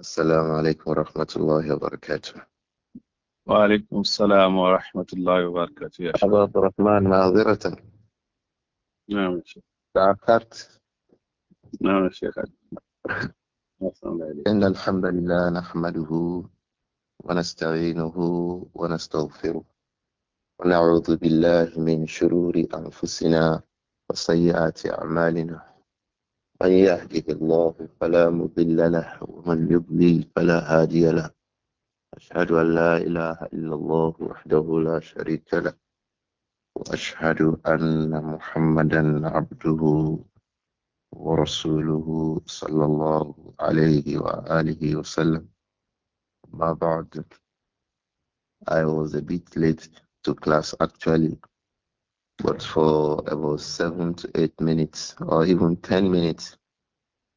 السلام عليكم ورحمة الله وبركاته وعليكم السلام ورحمة الله وبركاته يا شيخ عبد الرحمن معذرة نعم يا شيخ تأخرت نعم يا شيخ إن الحمد لله نحمده ونستعينه ونستغفره ونعوذ بالله من شرور أنفسنا وسيئات أعمالنا من يهده الله فلا مضل له ومن يضلل فلا هادي له أشهد أن لا إله إلا الله وحده لا شريك له وأشهد أن محمدا عبده ورسوله صلى الله عليه وآله وسلم ما بعد I was a bit late to class actually But for about seven to eight minutes or even 10 minutes,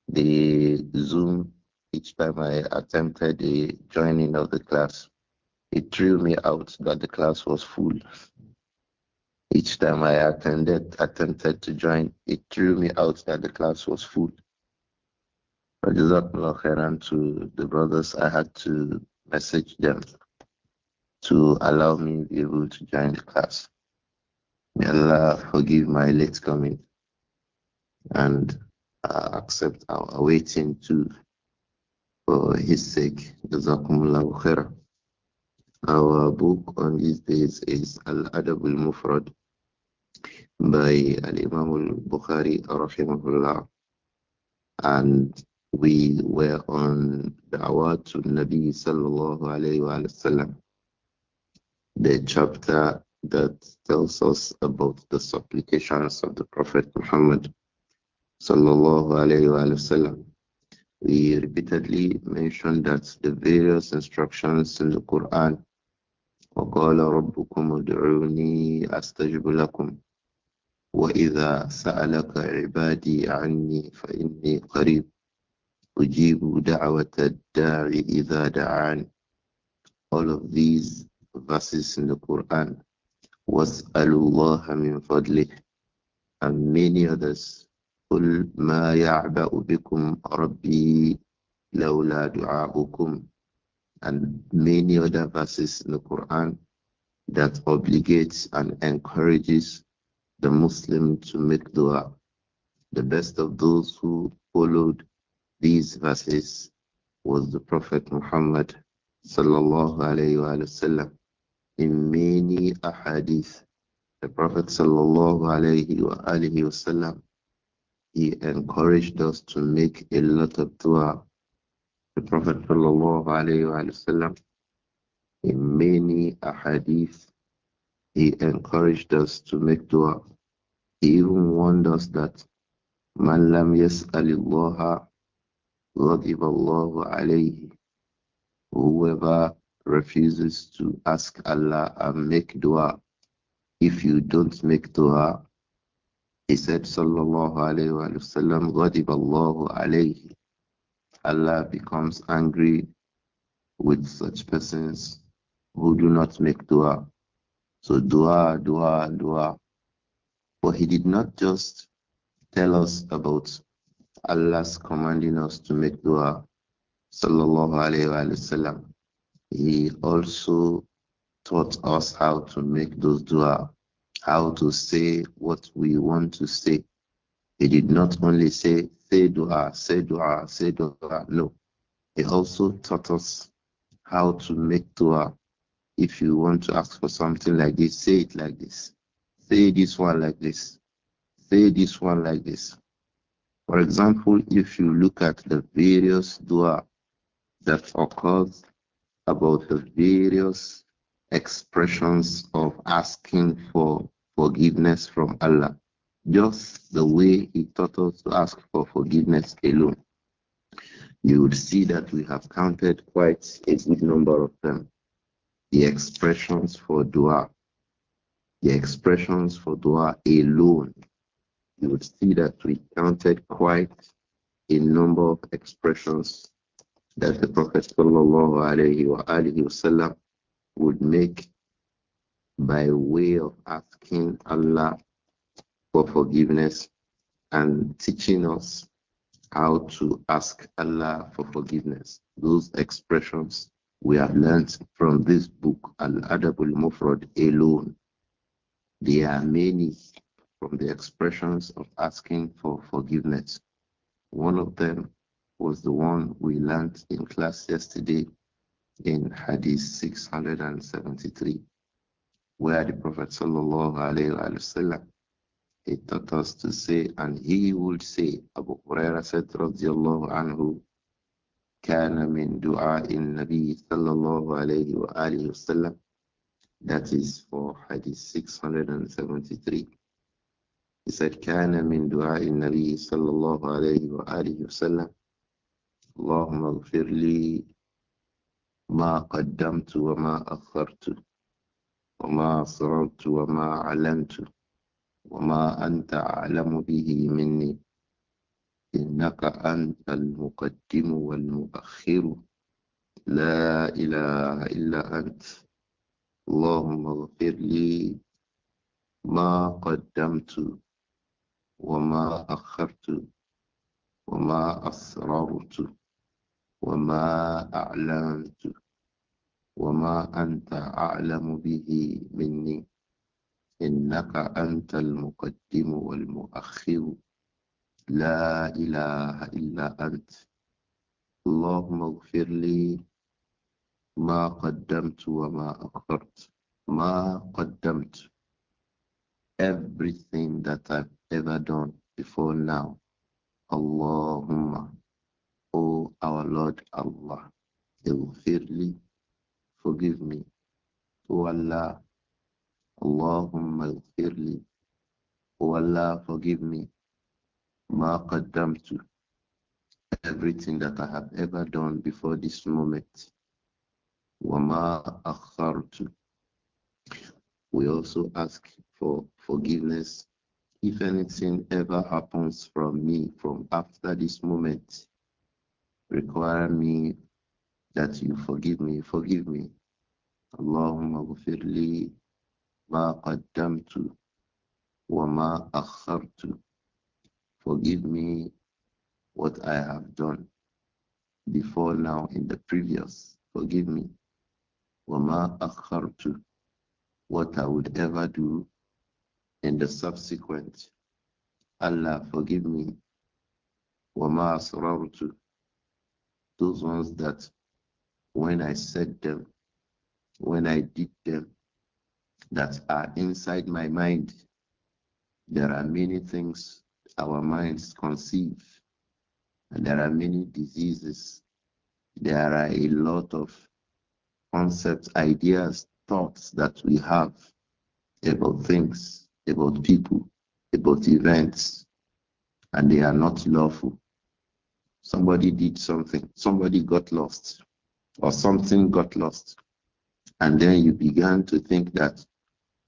the Zoom, each time I attempted the joining of the class, it threw me out that the class was full. Each time I attended, attempted to join, it threw me out that the class was full. not khairan to the brothers. I had to message them to allow me to be able to join the class. May Allah forgive my late coming and uh, accept our waiting too for his sake. Jazakumullahu khairah. Our book on these days is Al Adab al Mufrad by Al Imam al Bukhari rahimahullah. And we were on Da'wat to Nabi sallallahu alayhi wa sallam, the chapter that tells us about the supplications of the Prophet Muhammad sallallahu alayhi We repeatedly mentioned that the various instructions in the Quran وقال ربكم ادعوني أستجب وإذا سألك عبادي عني فإني قريب أجيب دعوة إذا دعان All of these verses in the Quran وَاسْأَلُوا مِنْ فَضْلِهِ And many others. قُلْ مَا يَعْبَأُ بِكُمْ رَبِّي لَوْلَا دُعَاؤُكُمْ And many other verses in the Quran that obligates and encourages the Muslim to make dua. The best of those who followed these verses was the Prophet Muhammad sallallahu alayhi wasallam in many ahadith. The Prophet وسلم, he encouraged us to make a lot of dua. The Prophet وسلم, in many ahadith, he encouraged us to make dua. He even warned us that Man lam yas'alillaha ghadiba Allahu alayhi. Whoever refuses to ask Allah and make dua. If you don't make dua, he said, Sallallahu Alaihi Wasallam, Ghadib Allahu alayhi. Allah becomes angry with such persons who do not make dua. So dua, dua, dua. But he did not just tell us about Allah's commanding us to make dua. Sallallahu Alaihi Wasallam he also taught us how to make those dua, how to say what we want to say. He did not only say, say dua, say dua, say dua. No. He also taught us how to make dua. If you want to ask for something like this, say it like this. Say this one like this. Say this one like this. For example, if you look at the various dua that occurs about the various expressions of asking for forgiveness from Allah, just the way He taught us to ask for forgiveness alone. You would see that we have counted quite a good number of them. The expressions for dua, the expressions for dua alone. You would see that we counted quite a number of expressions that the Prophet وسلم, would make by way of asking Allah for forgiveness and teaching us how to ask Allah for forgiveness. Those expressions we have learned from this book, Al Adabul Mufrad alone. There are many from the expressions of asking for forgiveness. One of them was the one we learnt in class yesterday in Hadith 673, where the Prophet sallallahu alaihi wasallam he taught us to say, and he would say, Abu Huraira said, radiyallahu anhu, كان من دعاء النبي صلى الله عليه وآله وسلم That is for Hadith 673. He said, كان من دعاء النبي صلى الله عليه وآله وسلم اللهم اغفر لي ما قدمت وما أخرت وما أسررت وما أعلنت وما أنت أعلم به مني إنك أنت المقدم والمؤخر لا إله إلا أنت اللهم اغفر لي ما قدمت وما أخرت وما أسررت وما أعلمت وما أنت أعلم به مني إنك أنت المقدم والمؤخر لا إله إلا أنت اللهم اغفر لي ما قدمت وما أخرت ما قدمت everything that I've ever done before now Allahumma O our Lord Allah, Ighfirli, forgive me. O Allah, Allahumma ighfirli. O Allah, forgive me. Ma qaddamtu. Everything that I have ever done before this moment. Wa ma akhartu. We also ask for forgiveness if anything ever happens from me from after this moment require me that you forgive me, forgive me. Allahumma ghafirli ma qaddamtu wa ma akhartu. Forgive me what I have done before now in the previous. Forgive me. Wa ma akhartu. What I would ever do in the subsequent. Allah forgive me. Wa ma asrartu those ones that when I said them, when I did them, that are inside my mind. There are many things our minds conceive, and there are many diseases. There are a lot of concepts, ideas, thoughts that we have about things, about people, about events, and they are not lawful. Somebody did something, somebody got lost, or something got lost. And then you began to think that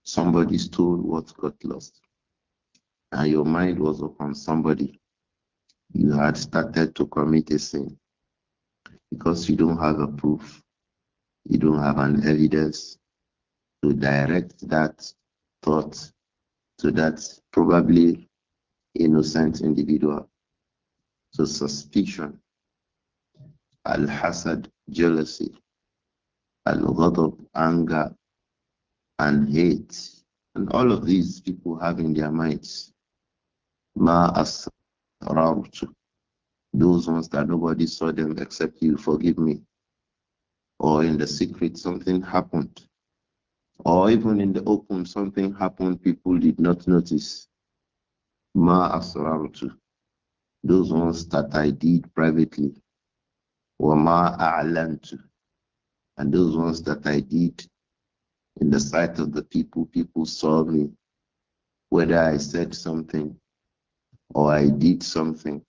somebody stole what got lost. And your mind was upon somebody. You had started to commit a sin because you don't have a proof, you don't have an evidence to direct that thought to that probably innocent individual. So suspicion, al-hasad, jealousy, al-ghadab, anger, and hate. And all of these people have in their minds ma asrartu. Those ones that nobody saw them except you, forgive me. Or in the secret, something happened. Or even in the open, something happened people did not notice. Ma asrartu those ones that I did privately, وَمَا أَعْلَنْتُ And those ones that I did in the sight of the people, people saw me, whether I said something or I did something,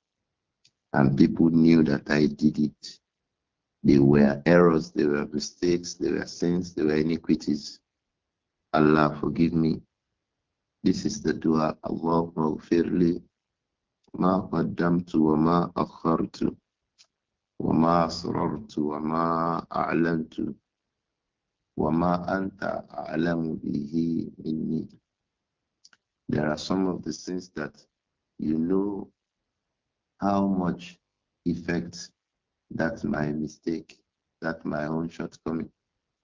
and people knew that I did it. They were errors, they were mistakes, they were sins, they were iniquities. Allah forgive me. This is the dua. Allah fairly. ما قدمت وما أخرت وما أسررت وما أعلنت وما أنت أعلم به مني There are some of the sins that you know how much effect that my mistake, that my own shortcoming.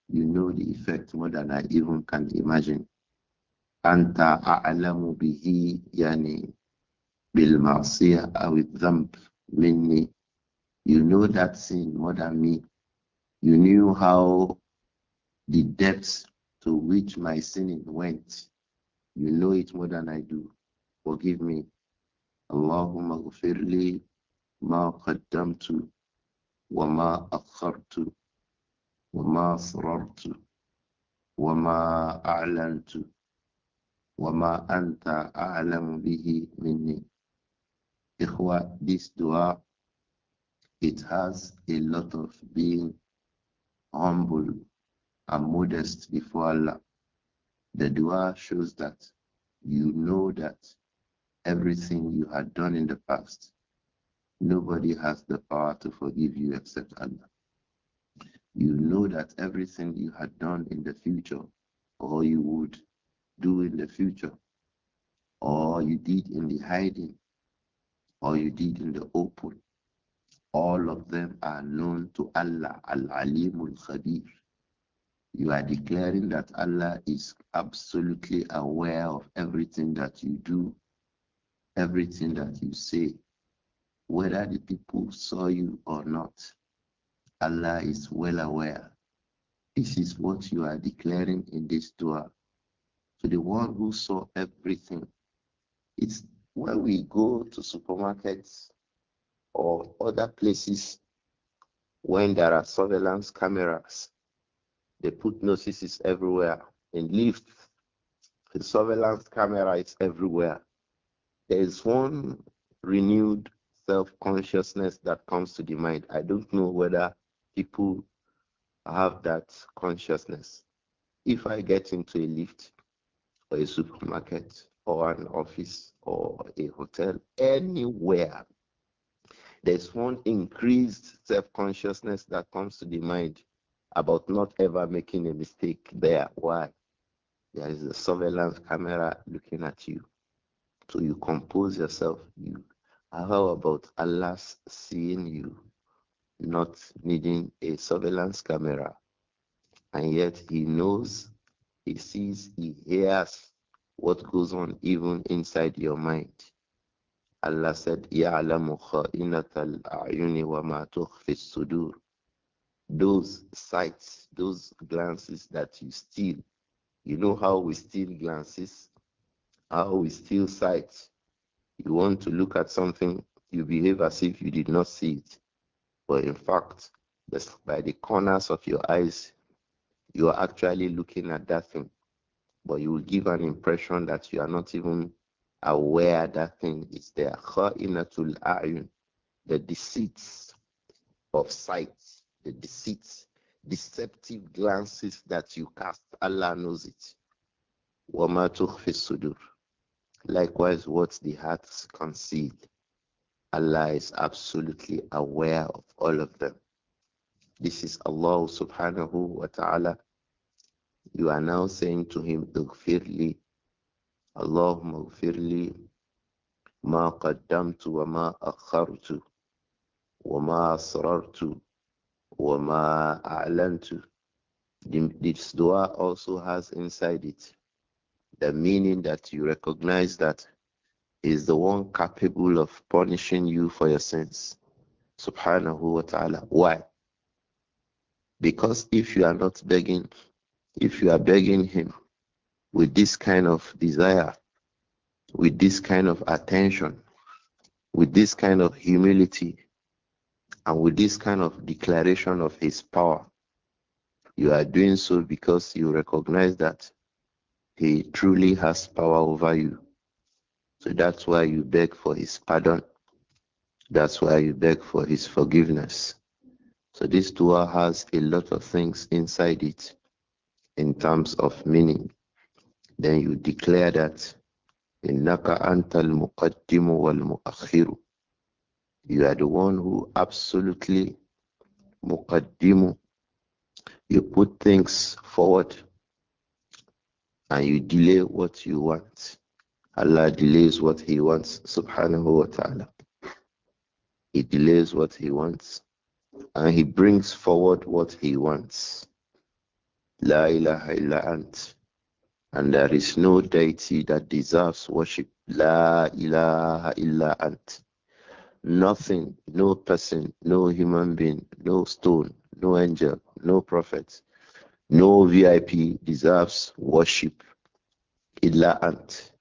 You know the effect more than I even can imagine. Anta a'lamu bihi يعني. I أو الذنب مني you know that sin more than me you knew how the depths to which my sinning went you know it more than I do forgive me اللهم اغفر لي ما قدمت وما أخرت وما صررت وما أعلنت وما أنت أعلم bihi مني Ikhwa, this dua, it has a lot of being humble and modest before Allah. The dua shows that you know that everything you had done in the past, nobody has the power to forgive you except Allah. You know that everything you had done in the future or you would do in the future or you did in the hiding or you did in the open. All of them are known to Allah, Al Alimul Khabir. You are declaring that Allah is absolutely aware of everything that you do, everything that you say, whether the people saw you or not. Allah is well aware. This is what you are declaring in this dua. To the one who saw everything, it's when we go to supermarkets or other places when there are surveillance cameras, they put notices everywhere. In lifts, the surveillance camera is everywhere. There is one renewed self consciousness that comes to the mind. I don't know whether people have that consciousness. If I get into a lift or a supermarket or an office, or a hotel, anywhere, there's one increased self consciousness that comes to the mind about not ever making a mistake there. Why? There is a surveillance camera looking at you. So you compose yourself. You how about Allah seeing you, not needing a surveillance camera? And yet He knows, He sees, He hears what goes on even inside your mind. Allah said, يَعْلَمُ خَائِنَةَ الْأَعْيُنِ وَمَا تُخْفِي الصُّدُورِ Those sights, those glances that you steal, you know how we steal glances, how we steal sights. You want to look at something, you behave as if you did not see it. But in fact, by the corners of your eyes, you are actually looking at that thing but you will give an impression that you are not even aware that thing is there. Kha'inatul a'yun, the deceits of sight, the deceits, deceptive glances that you cast, Allah knows it. sudur. Likewise, what the hearts conceal, Allah is absolutely aware of all of them. This is Allah subhanahu wa ta'ala you are now saying to him, Ugfirli, Allahumma ugfirli, ma qaddamtu wa ma akhartu, wa ma asrartu, wa ma a'lantu. This dua also has inside it the meaning that you recognize that is the one capable of punishing you for your sins. Subhanahu wa ta'ala. Why? Because if you are not begging, if you are begging him with this kind of desire, with this kind of attention, with this kind of humility, and with this kind of declaration of his power, you are doing so because you recognize that he truly has power over you. So that's why you beg for his pardon. That's why you beg for his forgiveness. So this dua has a lot of things inside it in terms of meaning. Then you declare that Innaka antal muqaddimu wal muakhiru. You are the one who absolutely muqaddimu. You put things forward and you delay what you want. Allah delays what He wants, subhanahu wa ta'ala. He delays what He wants and He brings forward what He wants. La ilaha illa ant. And there is no deity that deserves worship. La ilaha illa ant. Nothing, no person, no human being, no stone, no angel, no prophet, no VIP deserves worship. Illa ant.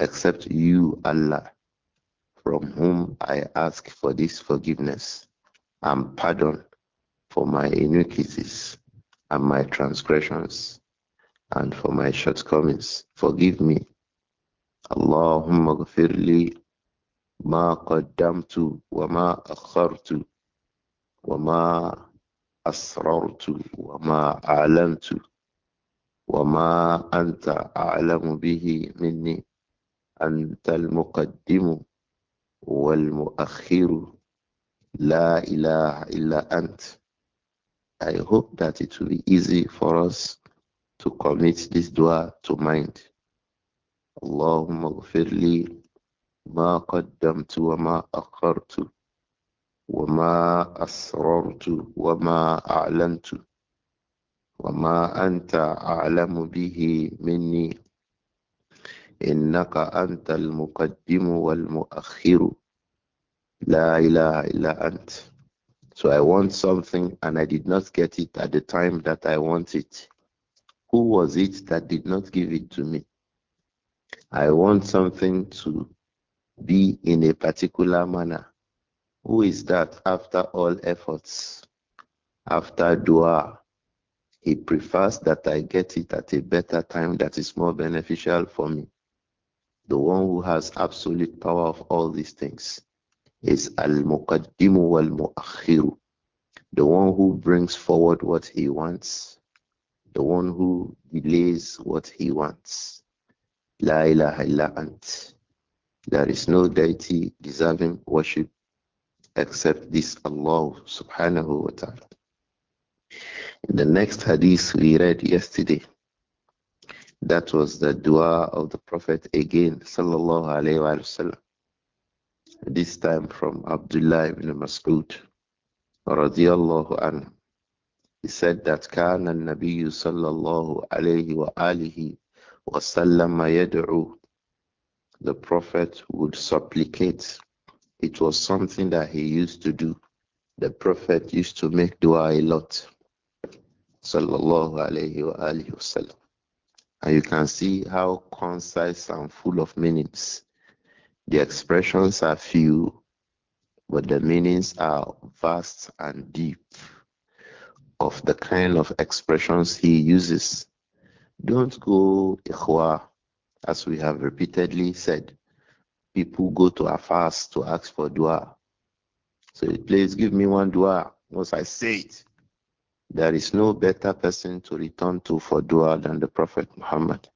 Except you, Allah, from whom I ask for this forgiveness and pardon for my iniquities and my transgressions and for my shortcomings. Forgive me. Allahumma ghafir ma qaddamtu wa ma akhartu wa ma asrartu wa ma a'lamtu wa ma anta a'lamu bihi minni anta al-muqaddimu wal-mu'akhiru la ilaha illa anta I hope that it will be easy for us to commit this dua to mind. اللهم اغفر لي ما قدمت وما أخرت وما أسررت وما أعلنت وما أنت أعلم به مني إنك أنت المقدم والمؤخر لا إله إلا أنت so I want something and I did not get it at the time that I want it. Who was it that did not give it to me? I want something to be in a particular manner. Who is that after all efforts? After dua, he prefers that I get it at a better time that is more beneficial for me. The one who has absolute power of all these things is Al-Muqaddimu wal-Mu'akhiru. The one who brings forward what he wants, the one who delays what he wants. La ilaha illa ant. There is no deity deserving worship except this Allah subhanahu wa ta'ala. In the next hadith we read yesterday, that was the dua of the Prophet again, sallallahu alayhi wa sallam this time from Abdullah ibn Mas'ud radiyallahu anhu. He said that كان النبي صلى الله عليه وآله وسلم يدعو the Prophet would supplicate. It was something that he used to do. The Prophet used to make dua a lot. الله alayhi wa وسلم, And you can see how concise and full of meanings the expressions are few, but the meanings are vast and deep of the kind of expressions he uses. Don't go ikhwa, as we have repeatedly said. People go to Afas to ask for dua. So please give me one dua once I say it. There is no better person to return to for dua than the Prophet Muhammad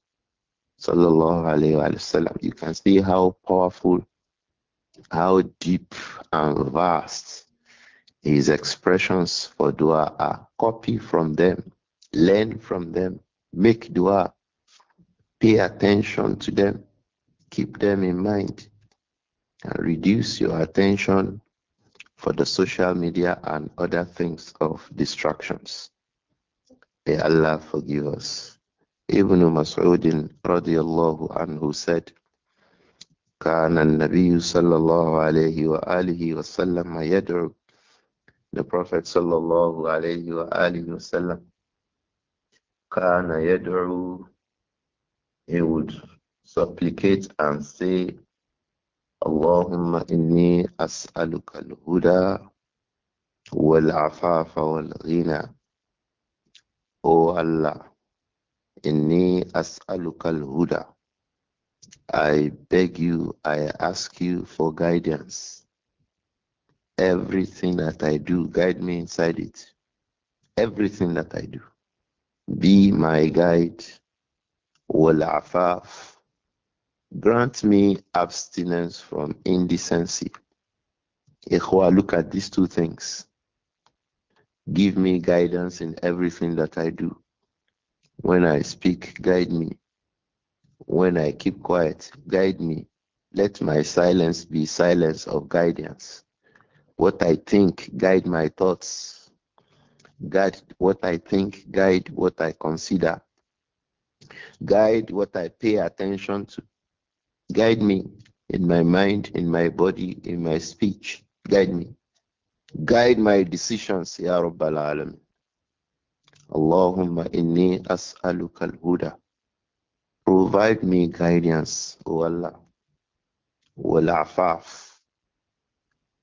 sallallahu alayhi you can see how powerful, how deep and vast his expressions for dua are. Copy from them, learn from them, make dua, pay attention to them, keep them in mind, and reduce your attention for the social media and other things of distractions. May Allah forgive us. Ibn Mas'ud radiallahu anhu said, كان النبي صلى الله عليه وآله وسلم يدعو The Prophet صلى الله عليه وآله وسلم كان يدعو He would supplicate and say اللهم إني أسألك الهدى والعفاف والغنى O Allah Inni as'alukal huda. I beg you, I ask you for guidance. Everything that I do, guide me inside it. Everything that I do. Be my guide. Walafaf. Grant me abstinence from indecency. Ikhwa, look at these two things. Give me guidance in everything that I do. When I speak, guide me. When I keep quiet, guide me. Let my silence be silence of guidance. What I think, guide my thoughts. Guide what I think, guide what I consider. Guide what I pay attention to. Guide me in my mind, in my body, in my speech. Guide me. Guide my decisions, Ya Rabbal Alamin. Allahumma inni al huda. Provide me guidance, O Allah. Walafaf.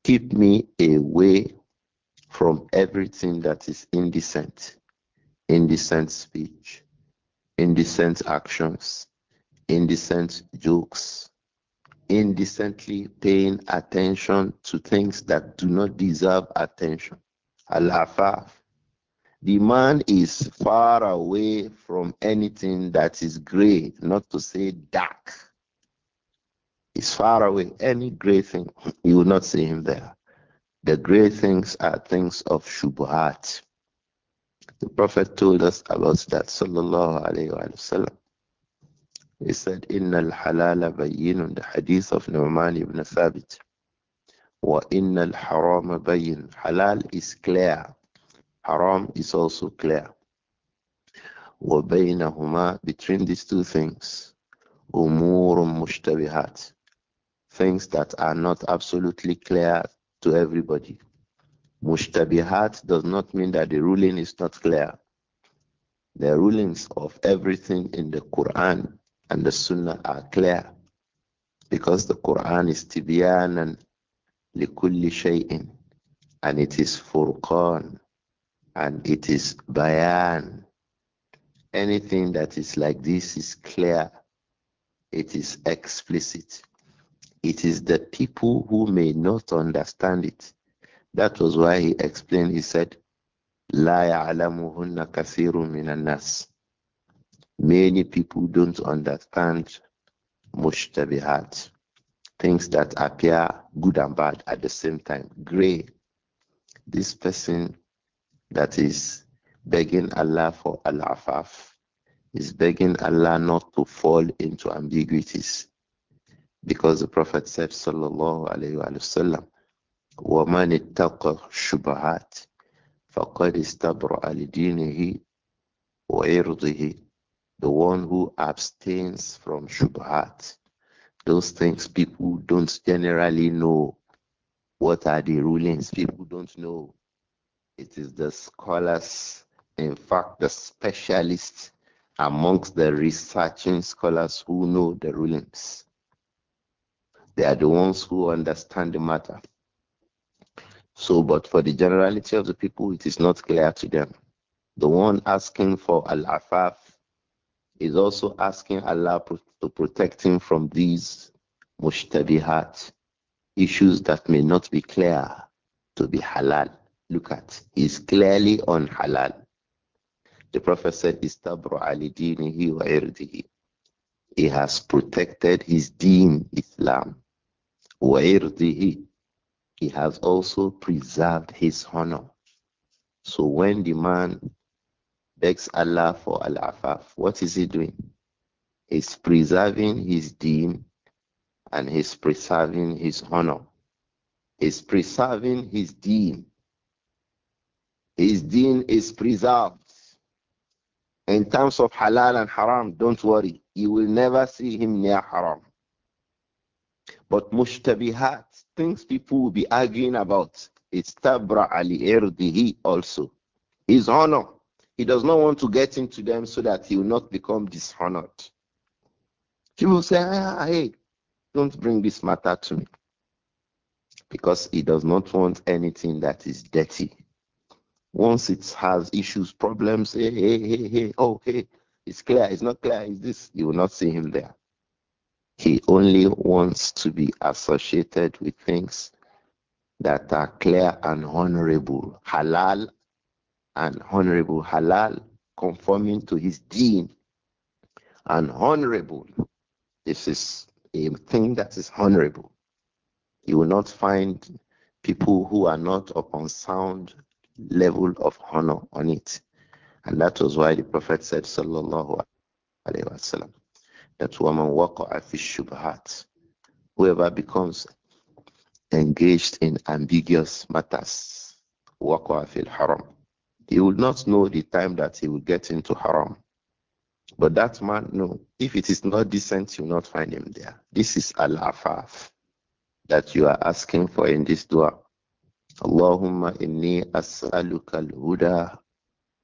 Keep me away from everything that is indecent, indecent speech, indecent actions, indecent jokes, indecently paying attention to things that do not deserve attention. Alafaf the man is far away from anything that is gray, not to say dark. He's far away. Any gray thing, you will not see him there. The gray things are things of Shubuhat. The Prophet told us about that, sallallahu alayhi wa sallam. He said, Inna al-halala bayyinun, the hadith of Nu'man ibn Thabit. Wa in al haram bayin." Halal is clear haram is also clear. وَبَيْنَهُمَا Between these two things, أُمُورٌ مُشْتَبِهَاتٌ Things that are not absolutely clear to everybody. Mushtabihat does not mean that the ruling is not clear. The rulings of everything in the Quran and the Sunnah are clear because the Quran is tibyanan likulli shay'in and it is furqan and it is bayan. Anything that is like this is clear, it is explicit. It is the people who may not understand it. That was why he explained, he said, La ya'lamuhunna kathirun minan nas. Many people don't understand mushtabihat, things that appear good and bad at the same time, gray. This person that is begging Allah for al-afaf. Is begging Allah not to fall into ambiguities. Because the Prophet said, Sallallahu Alaihi Wasallam, وَمَنِ اتَّقَ الشُّبَهَاتِ فَقَدْ اسْتَبْرَأَ wa وَعِرْضِهِ The one who abstains from shubhat, those things people don't generally know. What are the rulings people don't know? It is the scholars, in fact, the specialists amongst the researching scholars who know the rulings. They are the ones who understand the matter. So, but for the generality of the people, it is not clear to them. The one asking for Al Afaf is also asking Allah to protect him from these mushtabihat, issues that may not be clear to be halal look at is clearly on halal. The Prophet said, Istabru ali din, He has protected his deen, Islam. Wa He has also preserved his honor. So when the man begs Allah for al-afaf, what is he doing? He's preserving his deen and he's preserving his honor. He's preserving his deen his deen is preserved. In terms of halal and haram, don't worry. You will never see him near haram. But mushtabihat, things people will be arguing about, istabra ali irdihi also. His honor. He does not want to get into them so that he will not become dishonored. People say, ah, ah, hey, don't bring this matter to me. Because he does not want anything that is dirty. Once it has issues, problems, hey, hey, hey, hey, oh, hey, it's clear, it's not clear, is this, you will not see him there. He only wants to be associated with things that are clear and honorable, halal and honorable, halal conforming to his deen and honorable. This is a thing that is honorable. You will not find people who are not upon sound level of honor on it. And that was why the Prophet said, Sallallahu Alaihi Wasallam, that woman waqa'a fi shubhat. Whoever becomes engaged in ambiguous matters, waqa'a fil haram. He will not know the time that he will get into haram. But that man, no, if it is not decent, you will not find him there. This is al-afaf that you are asking for in this dua. اللهم إني أسألك الهدى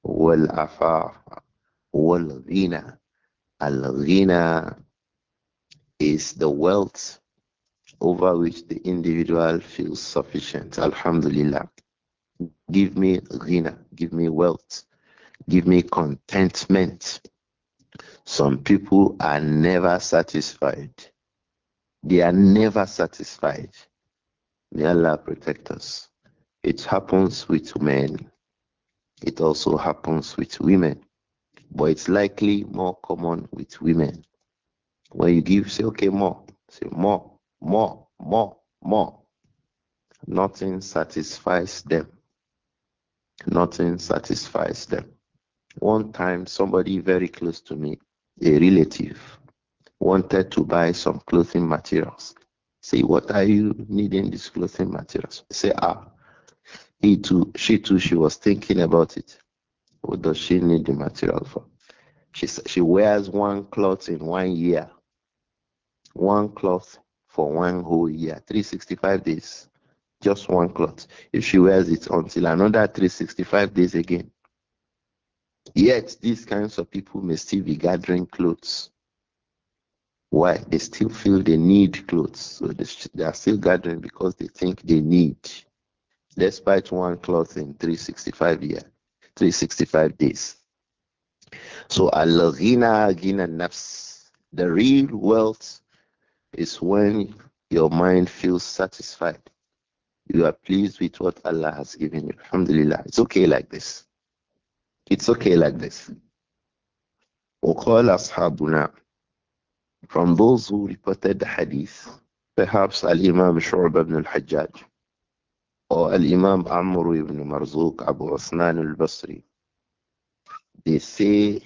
والعفاف والغنى الغنى is the wealth over which the individual feels sufficient. Alhamdulillah. Give me ghina, give me wealth, give me contentment. Some people are never satisfied. They are never satisfied. May Allah protect us. It happens with men. It also happens with women, but it's likely more common with women. When you give, say, okay, more, say, more, more, more, more. Nothing satisfies them. Nothing satisfies them. One time, somebody very close to me, a relative, wanted to buy some clothing materials. Say, what are you needing these clothing materials? Say, ah, he too, she too, she was thinking about it. What does she need the material for? She she wears one cloth in one year. One cloth for one whole year, 365 days, just one cloth. If she wears it until another 365 days again. Yet these kinds of people may still be gathering clothes. Why? They still feel they need clothes. So they, they are still gathering because they think they need despite one cloth in 365 year, 365 days. So al-ghina ghina nafs. The real wealth is when your mind feels satisfied. You are pleased with what Allah has given you. Alhamdulillah. It's okay like this. It's okay like this. وقال أصحابنا From those who reported the hadith, perhaps Al-Imam Shu'b ibn al-Hajjaj, الإمام عمرو بن مرزوق Abu Osman al-Basri they say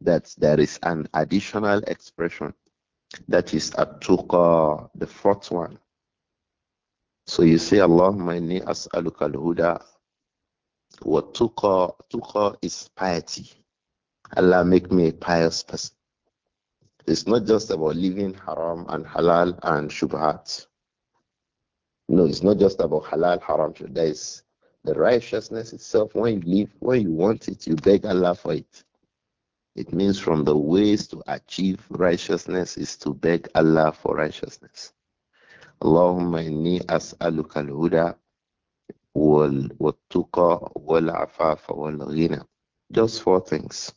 that there is an additional expression that is the fourth one so you say Allahumma inni as'aluka al-huda wa tuqa is piety Allah make me a pious person it's not just about living haram and halal and shubhat no, it's not just about halal, haram. There is the righteousness itself. When you live, when you want it, you beg Allah for it. It means from the ways to achieve righteousness is to beg Allah for righteousness. Allahumma inni as'aluka al-huda wal-tuqa wal-afafa wal-ghina. Just four things.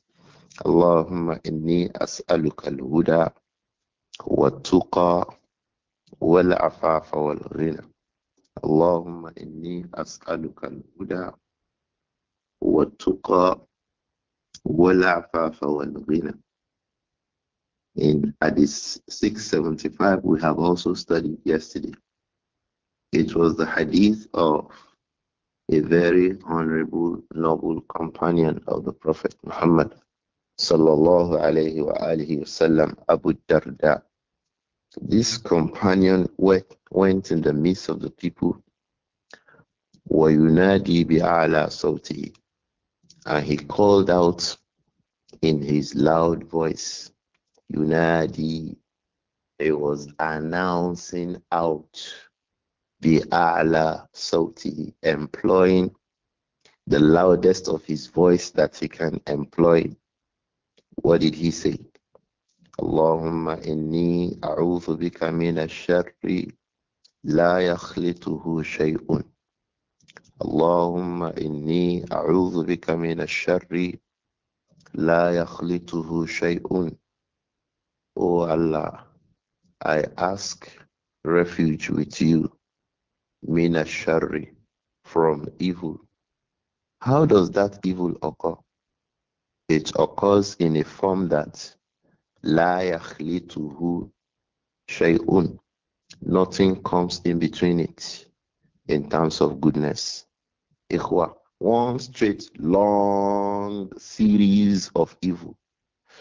Allahumma inni as'aluka al-huda wal-tuqa wal-afafa wal-ghina. اللهم إني أسألك الهدى والتقى والعفاف والغنى in Hadith 675, we have also studied yesterday. It was the Hadith of a very honorable, noble companion of the Prophet Muhammad, sallallahu alaihi wa alihi wasallam, Abu Darda, this companion went in the midst of the people. وَيُنَادِي بِعَلَى صَوْتِهِ And he called out in his loud voice. Yunadi, he was announcing out the ala Sauti, employing the loudest of his voice that he can employ. What did he say? اللهم إني أعوذ بك من الشر لا يخلطه شيء اللهم إني أعوذ بك من الشر لا يخلطه شيء O Allah, I ask refuge with you, min al-shari, from evil. How does that evil occur? It occurs in a form that La yakhlituhu shay'un. Nothing comes in between it in terms of goodness. Ikhwa, one straight long series of evil.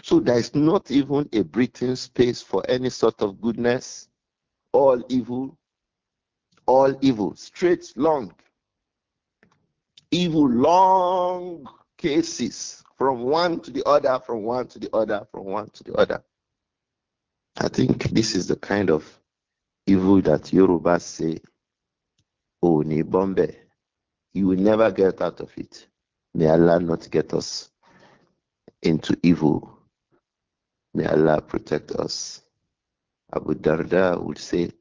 So there is not even a breathing space for any sort of goodness. All evil, all evil, straight long, evil long cases from one to the other, from one to the other, from one to the other. I think this is the kind of evil that Yorubas say, Oh, ni bombe. You will never get out of it. May Allah not get us into evil. May Allah protect us. Abu Darda would say,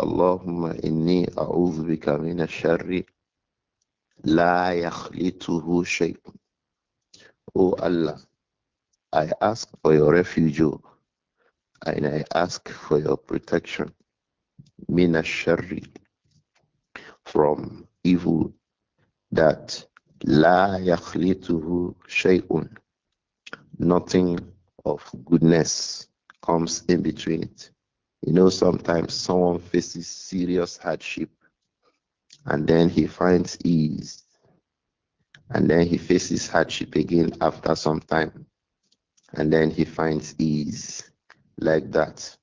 اللهم إني أعوذ بك من الشر لا tuhu شيء O oh Allah, I ask for your refuge, and I ask for your protection. Mina Shari from evil that La tuhu Shay'un. Nothing of goodness comes in between it. You know, sometimes someone faces serious hardship and then he finds ease and then he faces hardship again after some time. And then he finds ease like that.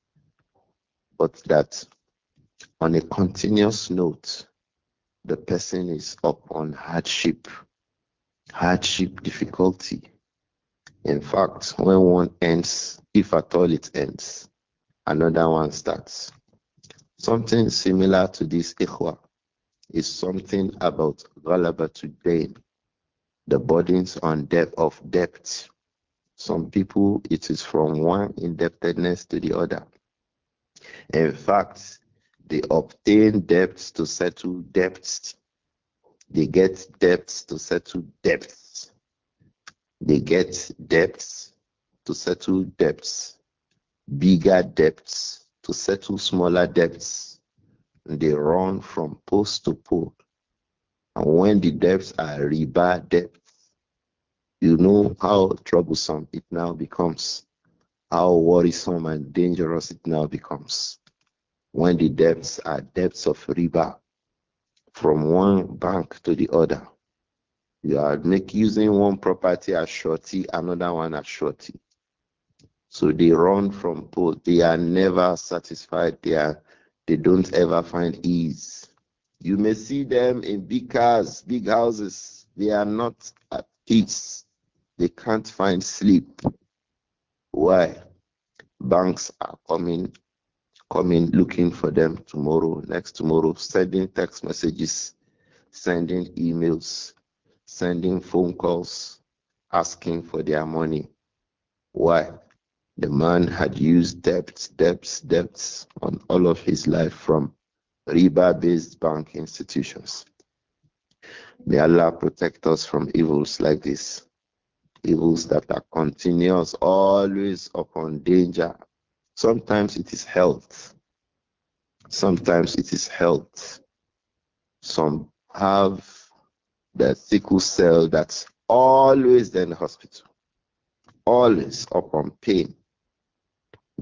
But that on a continuous note, the person is up on hardship, hardship, difficulty. In fact, when one ends, if at all it ends, another one starts. Something similar to this ikhwa is something about Galaba today the burdens on debt of debt. Some people, it is from one indebtedness to the other. In fact, they obtain debts to settle debts. They get debts to settle debts. They get debts to settle debts, bigger debts to settle smaller debts. They run from post to post and when the depths are riba depths, you know how troublesome it now becomes, how worrisome and dangerous it now becomes. When the depths are depths of riba from one bank to the other, you are make, using one property as shorty, another one as shorty. So they run from both. They are never satisfied. They are they don't ever find ease. You may see them in big cars, big houses. They are not at peace. They can't find sleep. Why? Banks are coming, coming, looking for them tomorrow, next tomorrow, sending text messages, sending emails, sending phone calls, asking for their money. Why? The man had used debts, debts, debts on all of his life from riba based bank institutions. May Allah protect us from evils like this, evils that are continuous, always upon danger. Sometimes it is health, sometimes it is health. Some have the sickle cell that's always in the hospital, always upon pain.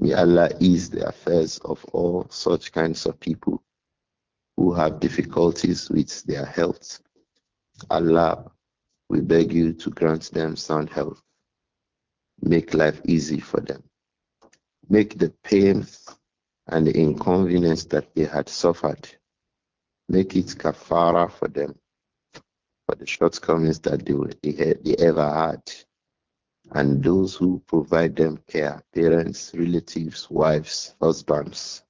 May Allah ease the affairs of all such kinds of people who have difficulties with their health. Allah, we beg you to grant them sound health. Make life easy for them. Make the pains and the inconvenience that they had suffered, make it kafara for them, for the shortcomings that they, they, they ever had. And those who provide them care, parents, relatives, wives, husbands,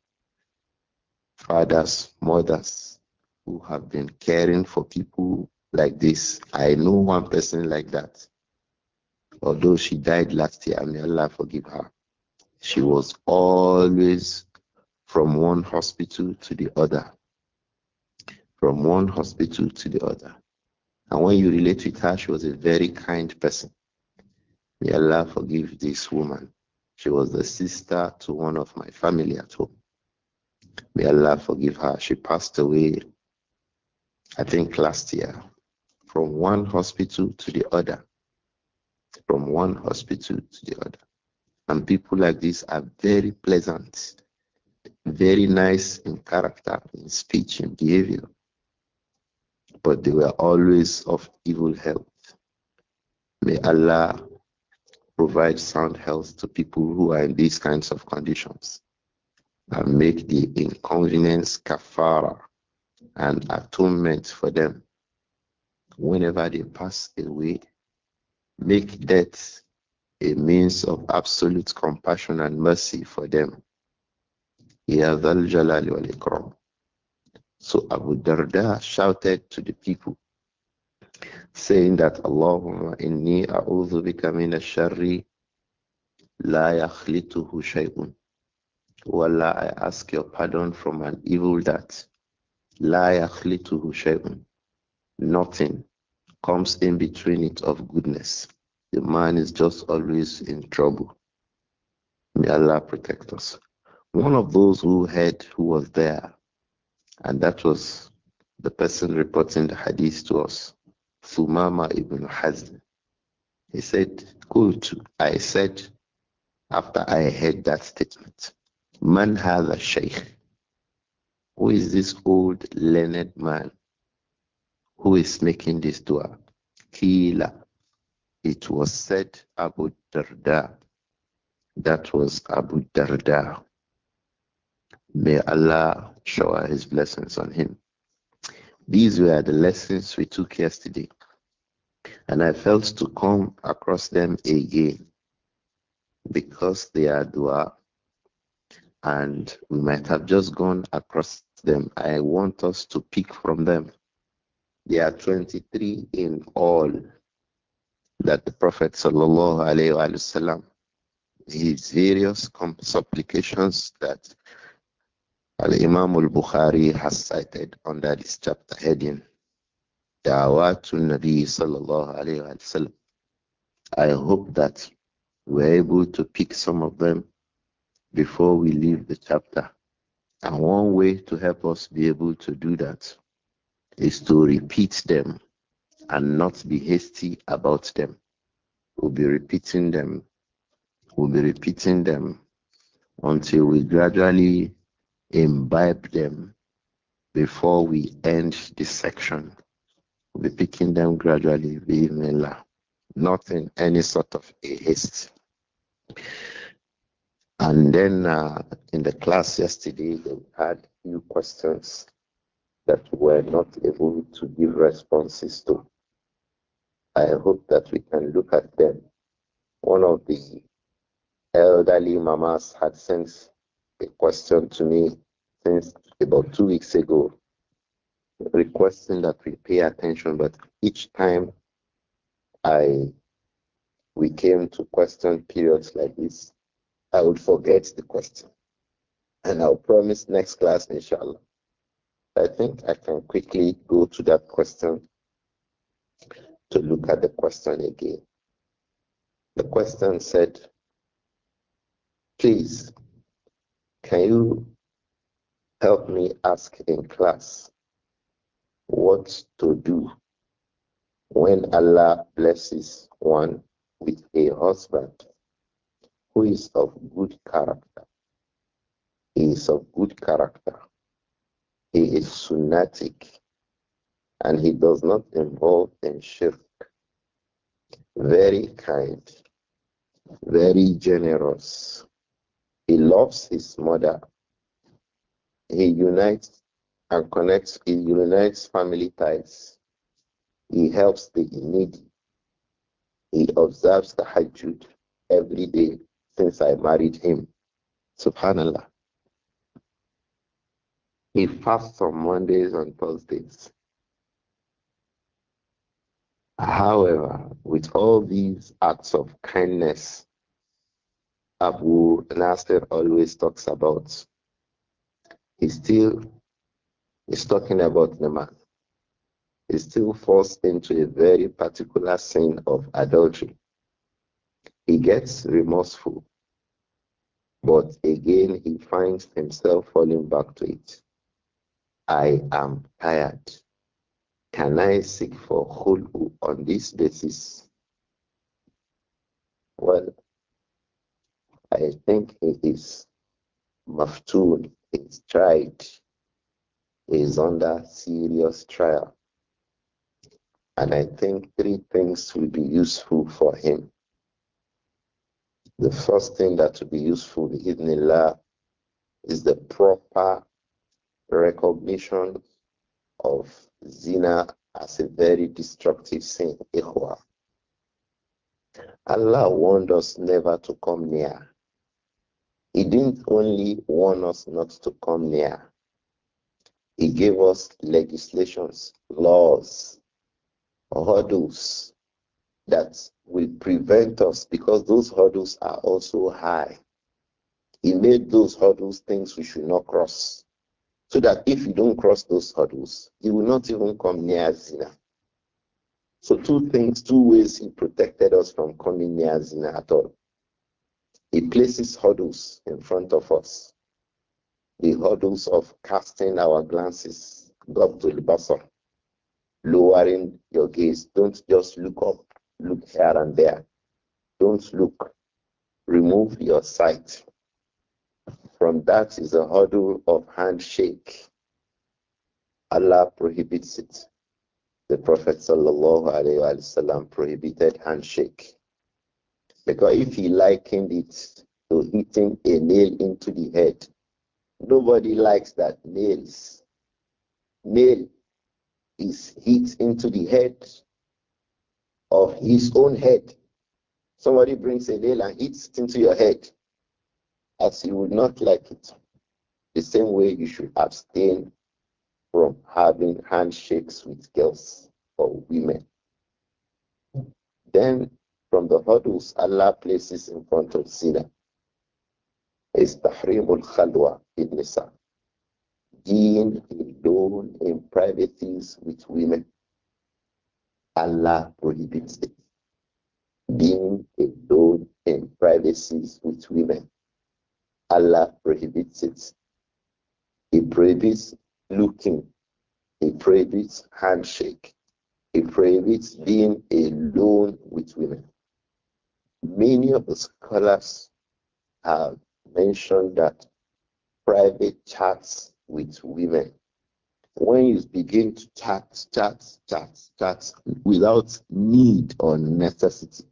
fathers, mothers who have been caring for people like this. I know one person like that. Although she died last year, may Allah forgive her. She was always from one hospital to the other. From one hospital to the other. And when you relate with her, she was a very kind person. May Allah forgive this woman. She was the sister to one of my family at home. May Allah forgive her. She passed away, I think, last year from one hospital to the other. From one hospital to the other. And people like this are very pleasant, very nice in character, in speech, in behavior. But they were always of evil health. May Allah provide sound health to people who are in these kinds of conditions and make the inconvenience kafara and atonement for them. Whenever they pass away, make death a means of absolute compassion and mercy for them. So Abu Darda shouted to the people, saying that Allahumma inni a'udhu bika min ash-sharri la yakhlituhu shay'un O Allah, I ask your pardon from an evil that La to shay'un. Nothing comes in between it of goodness. The man is just always in trouble. May Allah protect us. One of those who heard who was there, and that was the person reporting the hadith to us, Sumama ibn Hazm. He said, to. I said, after I heard that statement, Man a shaykh? Who is this old learned man who is making this dua? Kila. It was said Abu Darda. That was Abu Darda. May Allah shower his blessings on him. These were the lessons we took yesterday, and I felt to come across them again because they are dua and we might have just gone across them. I want us to pick from them. There are 23 in all that the Prophet وسلم, his various supplications that Al Imam al Bukhari has cited under this chapter heading. I hope that we're able to pick some of them before we leave the chapter. And one way to help us be able to do that is to repeat them and not be hasty about them. We'll be repeating them. We'll be repeating them until we gradually imbibe them before we end this section. We'll be picking them gradually, not in any sort of a haste. And then uh, in the class yesterday, we had few questions that we were not able to give responses to. I hope that we can look at them. One of the elderly mamas had sent a question to me since about two weeks ago, requesting that we pay attention. But each time I we came to question periods like this, I will forget the question. And I'll promise next class, inshallah. I think I can quickly go to that question to look at the question again. The question said, please, can you help me ask in class what to do when Allah blesses one with a husband who is of good character. He is of good character. He is sunnatic and he does not involve in shirk. Very kind, very generous. He loves his mother. He unites and connects, he unites family ties. He helps the needy. He observes the Hajjud every day since I married him. Subhanallah. He fasts on Mondays and Thursdays. However, with all these acts of kindness, Abu Nasser always talks about, he still is talking about the man. He still falls into a very particular sin of adultery. He gets remorseful, but again he finds himself falling back to it. I am tired. Can I seek for khulu on this basis? Well, I think he is maftoon, is tried, is under serious trial. And I think three things will be useful for him. The first thing that will be useful in Allah is the proper recognition of zina as a very destructive sin. Allah warned us never to come near. He didn't only warn us not to come near, He gave us legislations, laws, hurdles that will prevent us because those hurdles are also high. He made those hurdles things we should not cross. So that if you don't cross those hurdles, you will not even come near Zina. So, two things, two ways he protected us from coming near Zina at all. He places hurdles in front of us the hurdles of casting our glances up to the basar, lowering your gaze. Don't just look up. Look here and there. Don't look. Remove your sight. From that is a huddle of handshake. Allah prohibits it. The Prophet wasallam prohibited handshake. Because if he likened it to hitting a nail into the head, nobody likes that nails. Nail is hit into the head of his own head. Somebody brings a nail and hits it into your head as you would not like it. The same way you should abstain from having handshakes with girls or women. Then, from the hurdles Allah places in front of zina is tahrimul khalwa in nisa, being alone in private things with women. Allah prohibits it. Being alone in privacy with women, Allah prohibits it. He prohibits looking. He prohibits handshake. He prohibits being alone with women. Many of the scholars have mentioned that private chats with women when you begin to chat, chat, chat, chat without need or necessity.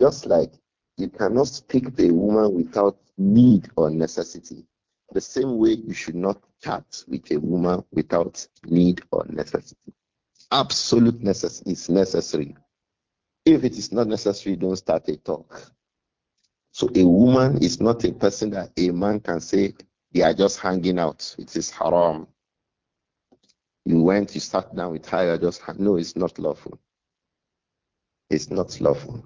Just like you cannot speak to a woman without need or necessity. The same way you should not chat with a woman without need or necessity. Absolute necessity is necessary. If it is not necessary, don't start a talk. So a woman is not a person that a man can say they are just hanging out. It is haram. You went, you sat down with her, just no, it's not lawful. It's not lawful.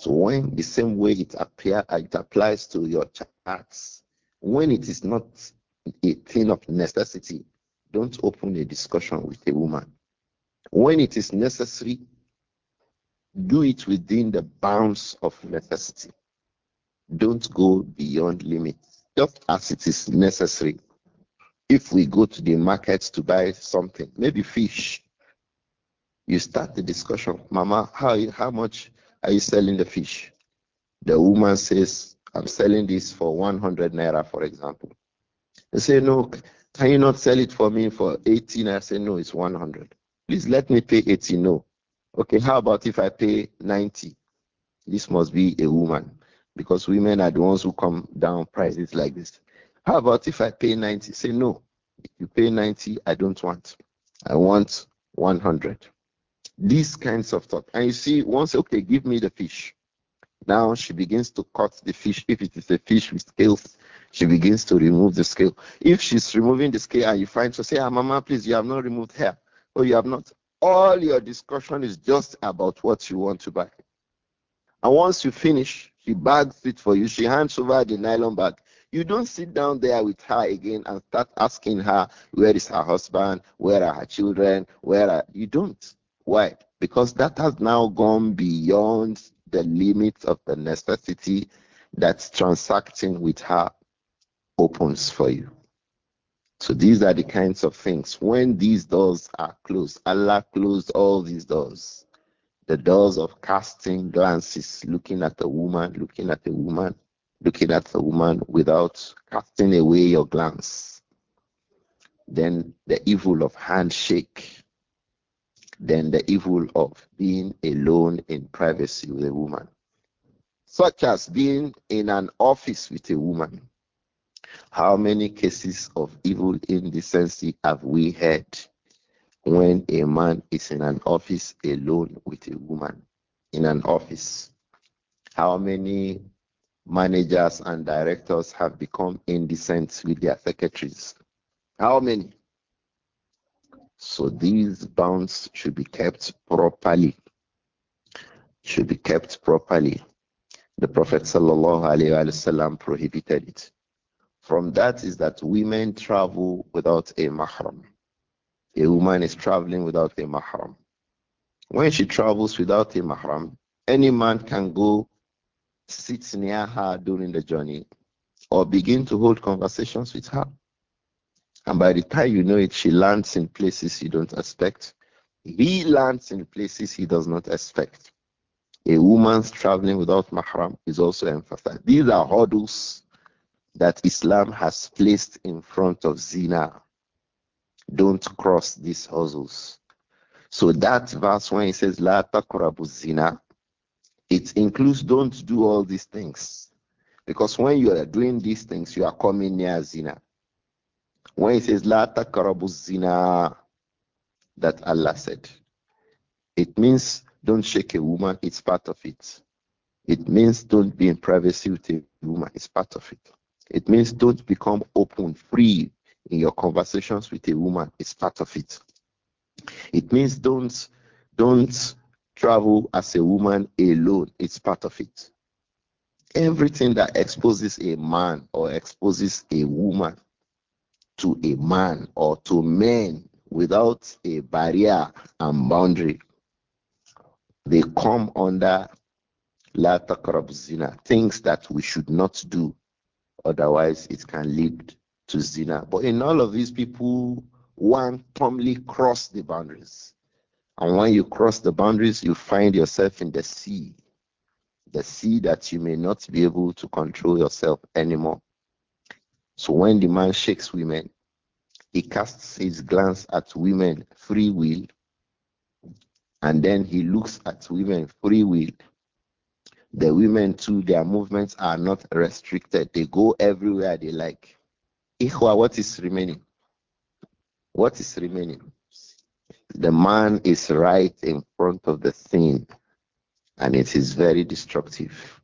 So when the same way it appear, it applies to your charts. When it is not a thing of necessity, don't open a discussion with a woman. When it is necessary, do it within the bounds of necessity. Don't go beyond limits, just as it is necessary if we go to the market to buy something, maybe fish, you start the discussion, Mama, how, how much are you selling the fish? The woman says, I'm selling this for 100 naira, for example. They say, No, can you not sell it for me for 18? I say, No, it's 100. Please let me pay 80. No. Okay, how about if I pay 90? This must be a woman because women are the ones who come down prices like this. How about if I pay 90? Say, no, if you pay 90, I don't want. I want 100. These kinds of thought. And you see, once, okay, give me the fish. Now she begins to cut the fish. If it is a fish with scales, she begins to remove the scale. If she's removing the scale and you find to so say, ah, Mama, please, you have not removed hair. Oh, you have not. All your discussion is just about what you want to buy. And once you finish, she bags it for you. She hands over the nylon bag. You don't sit down there with her again and start asking her, where is her husband? Where are her children? Where are you don't. Why? Because that has now gone beyond the limits of the necessity that transacting with her opens for you. So these are the kinds of things. When these doors are closed, Allah closed all these doors. The doors of casting glances, looking at a woman, looking at a woman, looking at the woman without casting away your glance. Then the evil of handshake. Then the evil of being alone in privacy with a woman, such as being in an office with a woman. How many cases of evil indecency have we heard when a man is in an office alone with a woman in an office? How many managers and directors have become indecent with their secretaries. How many? So these bounds should be kept properly. Should be kept properly. The Prophet ﷺ prohibited it. From that is that women travel without a mahram. A woman is traveling without a mahram. When she travels without a mahram, any man can go sit near her during the journey or begin to hold conversations with her. And by the time you know it, she lands in places you don't expect. He lands in places he does not expect. A woman's traveling without mahram is also emphasized. These are hurdles that Islam has placed in front of zina. Don't cross these hurdles. So that verse when it says La takrabu zina, it includes don't do all these things. Because when you are doing these things, you are coming near zina. When it says La takarabu zina, that Allah said, it means don't shake a woman, it's part of it. It means don't be in privacy with a woman, it's part of it. It means don't become open, free in your conversations with a woman, it's part of it. It means don't don't travel as a woman alone. It's part of it. Everything that exposes a man or exposes a woman to a man or to men without a barrier and boundary, they come under la zina, things that we should not do. Otherwise, it can lead to zina. But in all of these people, one firmly cross the boundaries. And when you cross the boundaries, you find yourself in the sea, the sea that you may not be able to control yourself anymore. So when the man shakes women, he casts his glance at women free will, and then he looks at women free will. The women too, their movements are not restricted. They go everywhere they like. Ikhwa, what is remaining? What is remaining? the man is right in front of the thing, and it is very destructive.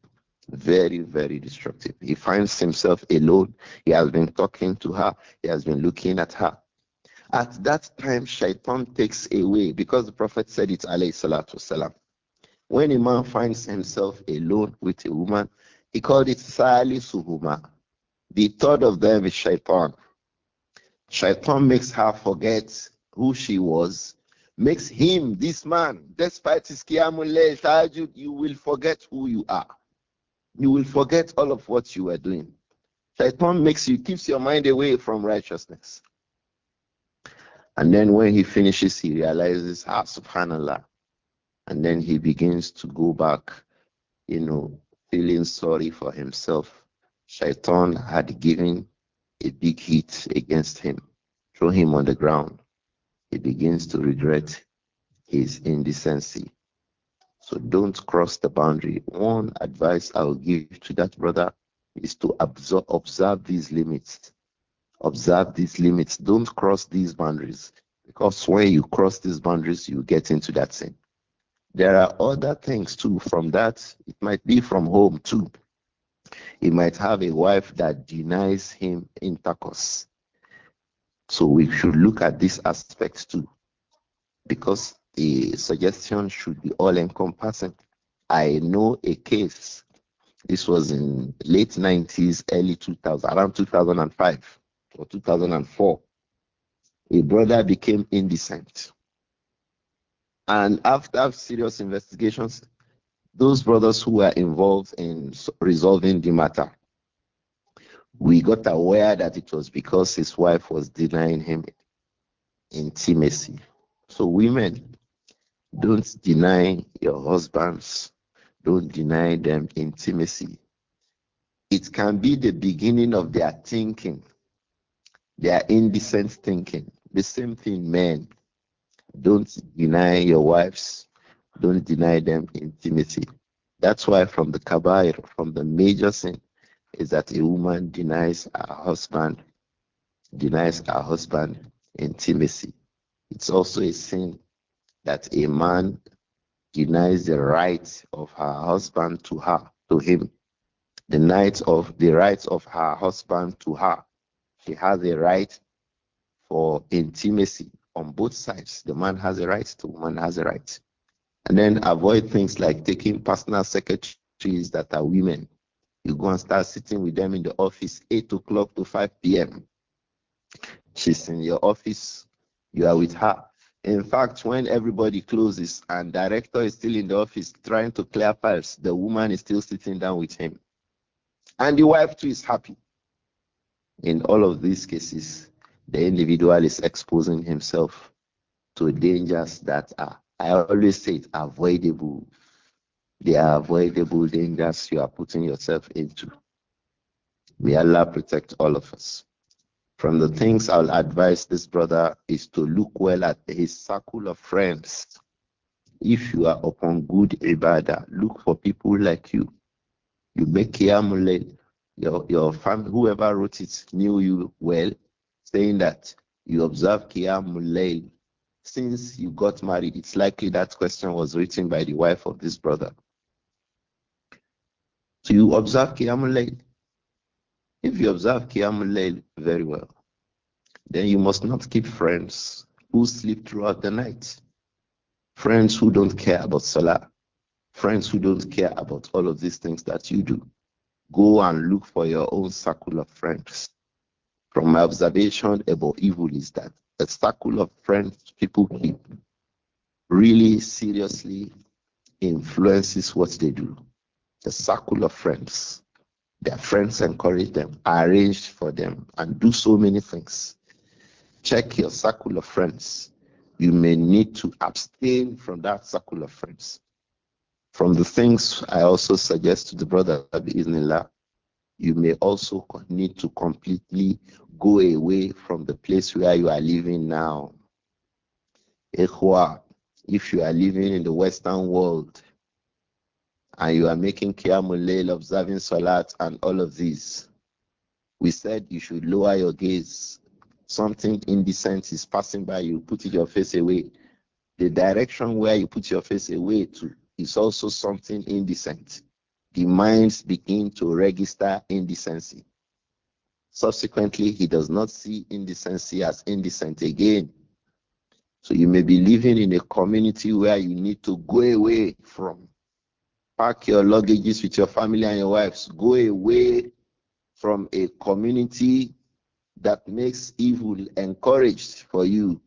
Very, very destructive. He finds himself alone. He has been talking to her, he has been looking at her. At that time, shaitan takes away because the Prophet said it, alayhi salatu When a man finds himself alone with a woman, he called it Sali Suhuma. The third of them is shaitan. Shaitan makes her forget who she was makes him, this man, despite his Qiyamul you will forget who you are. You will forget all of what you were doing. Shaitan makes you, keeps your mind away from righteousness. And then when he finishes, he realizes, ah, subhanallah. And then he begins to go back, you know, feeling sorry for himself. Shaitan had given a big hit against him, threw him on the ground he begins to regret his indecency. So don't cross the boundary. One advice I'll give to that brother is to observe, observe these limits. Observe these limits. Don't cross these boundaries because when you cross these boundaries, you get into that sin. There are other things too from that. It might be from home too. He might have a wife that denies him intercourse. So we should look at this aspect too, because the suggestion should be all encompassing. I know a case, this was in late 90s, early 2000, around 2005 or 2004. A brother became indecent. And after serious investigations, those brothers who were involved in resolving the matter, we got aware that it was because his wife was denying him intimacy. So, women, don't deny your husbands, don't deny them intimacy. It can be the beginning of their thinking, their indecent thinking. The same thing, men. Don't deny your wives, don't deny them intimacy. That's why, from the kabair, from the major sin, is that a woman denies her husband, denies her husband intimacy. It's also a sin that a man denies the right of her husband to her, to him. The right of the rights of her husband to her. She has a right for intimacy on both sides. The man has a right, the woman has a right. And then avoid things like taking personal secretaries that are women you go and start sitting with them in the office 8 o'clock to 5 p.m. She's in your office. You are with her. In fact, when everybody closes and director is still in the office trying to clear files, the woman is still sitting down with him. And the wife too is happy. In all of these cases, the individual is exposing himself to dangers that are, I always say, it, avoidable the avoidable dangers you are putting yourself into. May Allah protect all of us. From the things I'll advise this brother is to look well at his circle of friends. If you are upon good ibadah, look for people like you. You make Qiyamul your your family, whoever wrote it knew you well, saying that you observe Qiyamul Since you got married, it's likely that question was written by the wife of this brother. So you observe Qiyamul Layl. If you observe Qiyamul Layl very well, then you must not keep friends who sleep throughout the night, friends who don't care about Salah, friends who don't care about all of these things that you do. Go and look for your own circle of friends. From my observation about evil is that a circle of friends people keep really seriously influences what they do. The circle of friends. Their friends encourage them, arrange for them, and do so many things. Check your circle of friends. You may need to abstain from that circle of friends. From the things I also suggest to the brother, Isnillah, you may also need to completely go away from the place where you are living now. if you are living in the Western world, and you are making Qiyamul Layl, observing Salat, and all of these. We said you should lower your gaze. Something indecent is passing by, you put your face away. The direction where you put your face away to is also something indecent. The minds begin to register indecency. Subsequently, he does not see indecency as indecent again. So you may be living in a community where you need to go away from Pack your luggages with your family and your wives. Go away from a community that makes evil encouraged for you,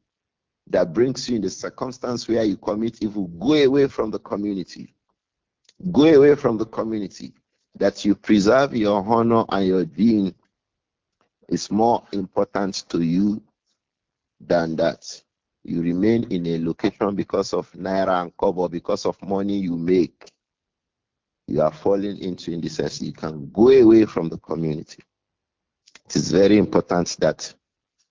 that brings you in the circumstance where you commit evil. Go away from the community. Go away from the community that you preserve your honor and your being. is more important to you than that you remain in a location because of naira and kobo, because of money you make you are falling into indecency, you can go away from the community. It is very important that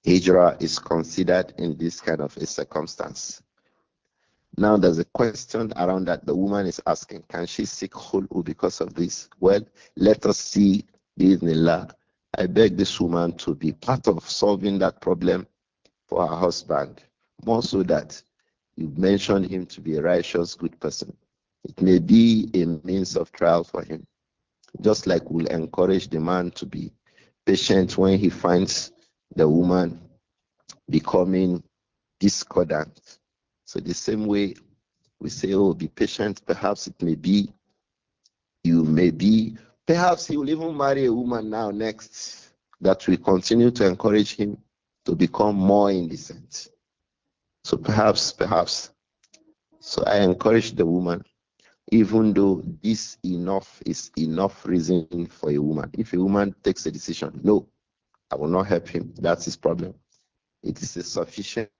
hijrah is considered in this kind of a circumstance. Now, there's a question around that the woman is asking Can she seek hulu because of this? Well, let us see, I beg this woman to be part of solving that problem for her husband, more so that you mention him to be a righteous, good person. It may be a means of trial for him. Just like we'll encourage the man to be patient when he finds the woman becoming discordant. So, the same way we say, Oh, be patient, perhaps it may be, you may be, perhaps he will even marry a woman now next, that we continue to encourage him to become more innocent. So, perhaps, perhaps. So, I encourage the woman even though this enough is enough reason for a woman. If a woman takes a decision, no, I will not help him, that's his problem. It is a sufficient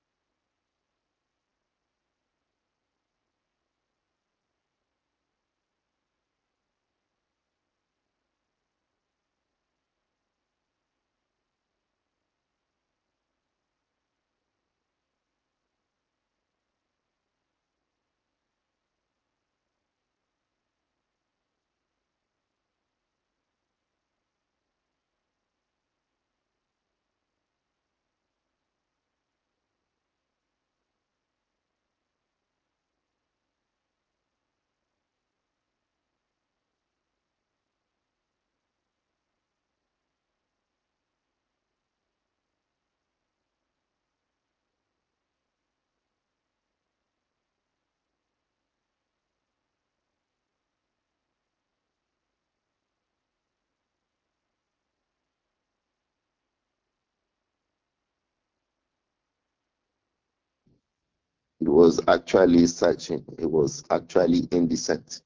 was actually searching, it was actually indecent.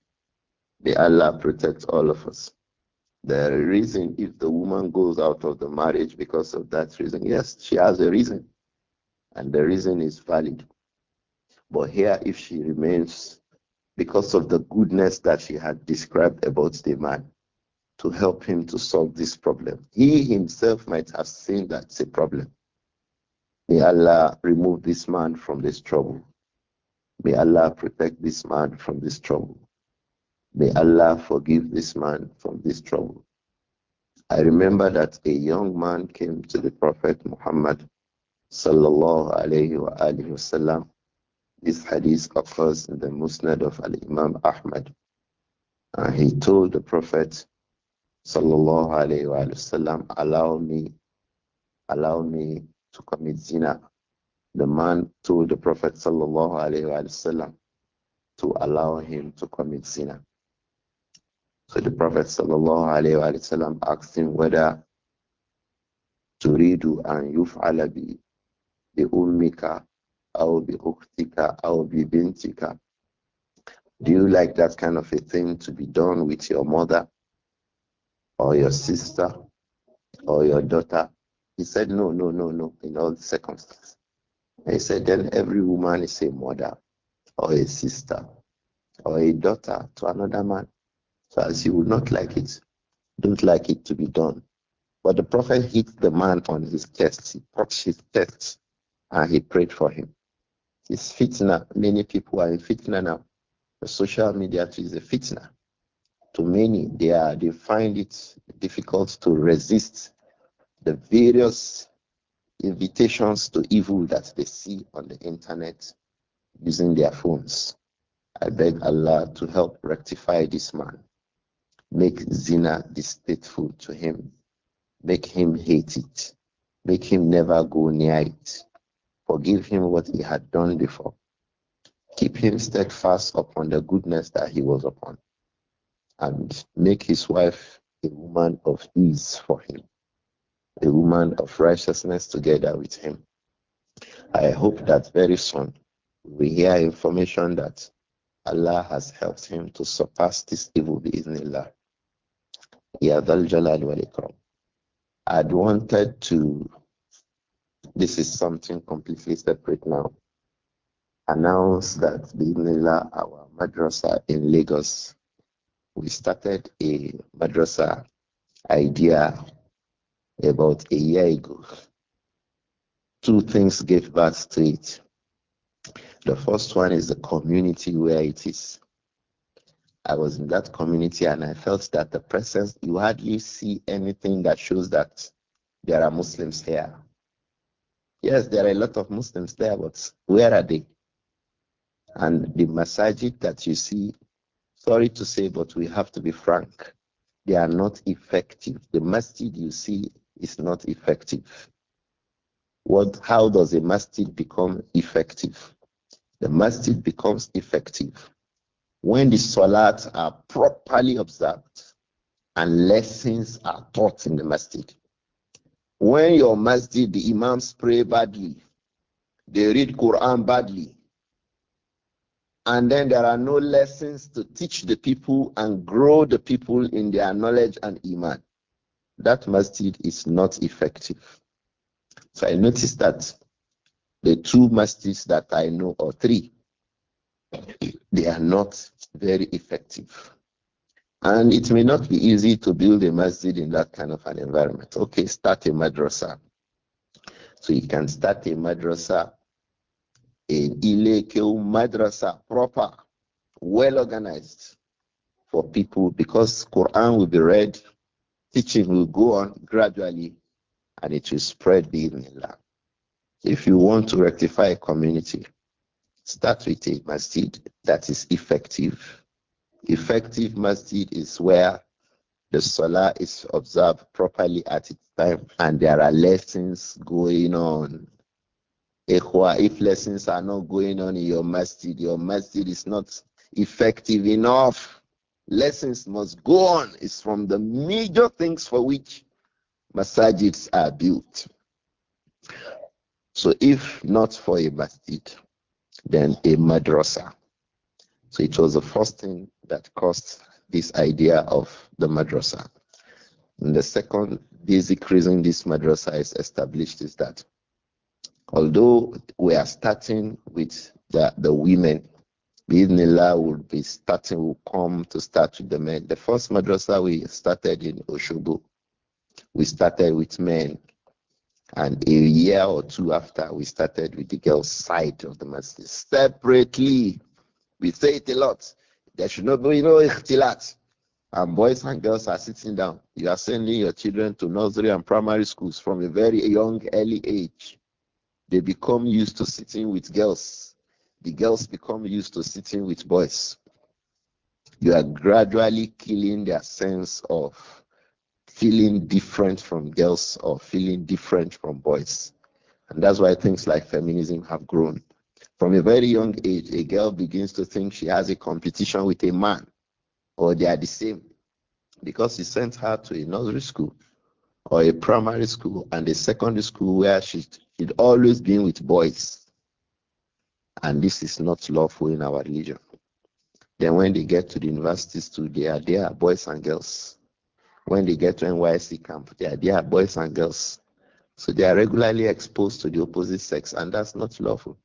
May Allah protect all of us. The reason if the woman goes out of the marriage because of that reason, yes, she has a reason. And the reason is valid. But here, if she remains because of the goodness that she had described about the man to help him to solve this problem, he himself might have seen that's a problem. May Allah remove this man from this trouble. May Allah protect this man from this trouble. May Allah forgive this man from this trouble. I remember that a young man came to the Prophet Muhammad sallallahu alayhi wa alihi wasallam. This hadith occurs in the Musnad of Al Imam Ahmad. And he told the Prophet sallallahu alayhi wa sallam, allow me, allow me to commit zina the man told the Prophet وسلم, to allow him to commit zina. So the Prophet وسلم, asked him whether to تريد أن يفعل بي بأمك albi بأختك albi bintika. Do you like that kind of a thing to be done with your mother or your sister or your daughter? He said, No, no, no, no, in all circumstances. He said, then every woman is a mother or a sister or a daughter to another man. So as you would not like it, don't like it to be done. But the prophet hit the man on his chest. He touched his chest and he prayed for him. It's fitna. Many people are in fitna now. The social media is a fitna. To many, they are they find it difficult to resist the various invitations to evil that they see on the internet using their phones. I beg Allah to help rectify this man. Make zina distasteful to him. Make him hate it. Make him never go near it. Forgive him what he had done before. Keep him steadfast upon the goodness that he was upon. And make his wife a woman of ease for him a woman of righteousness together with him. I hope that very soon we hear information that Allah has helped him to surpass this evil bi'ithnillah. Ya I'd wanted to, this is something completely separate now, announce that bi'ithnillah, our madrasa in Lagos, we started a madrasa idea about a year ago. Two things gave birth to it. The first one is the community where it is. I was in that community and I felt that the presence, you hardly see anything that shows that there are Muslims here. Yes, there are a lot of Muslims there, but where are they? And the masajid that you see, sorry to say, but we have to be frank, they are not effective. The masjid you see is not effective. What, how does a masjid become effective? The masjid becomes effective when the salat are properly observed and lessons are taught in the masjid. When your masjid, the imams pray badly, they read Quran badly, and then there are no lessons to teach the people and grow the people in their knowledge and iman that masjid is not effective. So I noticed that the two masjids that I know, or three, they are not very effective. And it may not be easy to build a masjid in that kind of an environment. Okay, start a madrasa. So you can start a madrasa, an Ilekeu madrasa proper, well organized for people because Quran will be read teaching will go on gradually and it will spread the land. If you want to rectify a community, start with a masjid that is effective. Effective masjid is where the salah is observed properly at its time and there are lessons going on. If lessons are not going on in your masjid, your masjid is not effective enough. Lessons must go on. It's from the major things for which masajids are built. So if not for a masjid, then a madrasa. So it was the first thing that caused this idea of the madrasa. And the second basic reason this madrasa is established is that although we are starting with the, the women, Bidnillah will be starting, will come to start with the men. The first madrasa we started in Oshobo, we started with men. And a year or two after, we started with the girls' side of the masjid separately. We say it a lot. There should not be no ikhtilat. And boys and girls are sitting down. You are sending your children to nursery and primary schools from a very young, early age. They become used to sitting with girls the girls become used to sitting with boys. You are gradually killing their sense of feeling different from girls or feeling different from boys. And that's why things like feminism have grown. From a very young age, a girl begins to think she has a competition with a man or they are the same because he sent her to a nursery school or a primary school and a secondary school where she, she'd always been with boys and this is not lawful in our religion. Then when they get to the universities too, they are there, boys and girls. When they get to NYC camp, they are there, boys and girls. So they are regularly exposed to the opposite sex, and that's not lawful.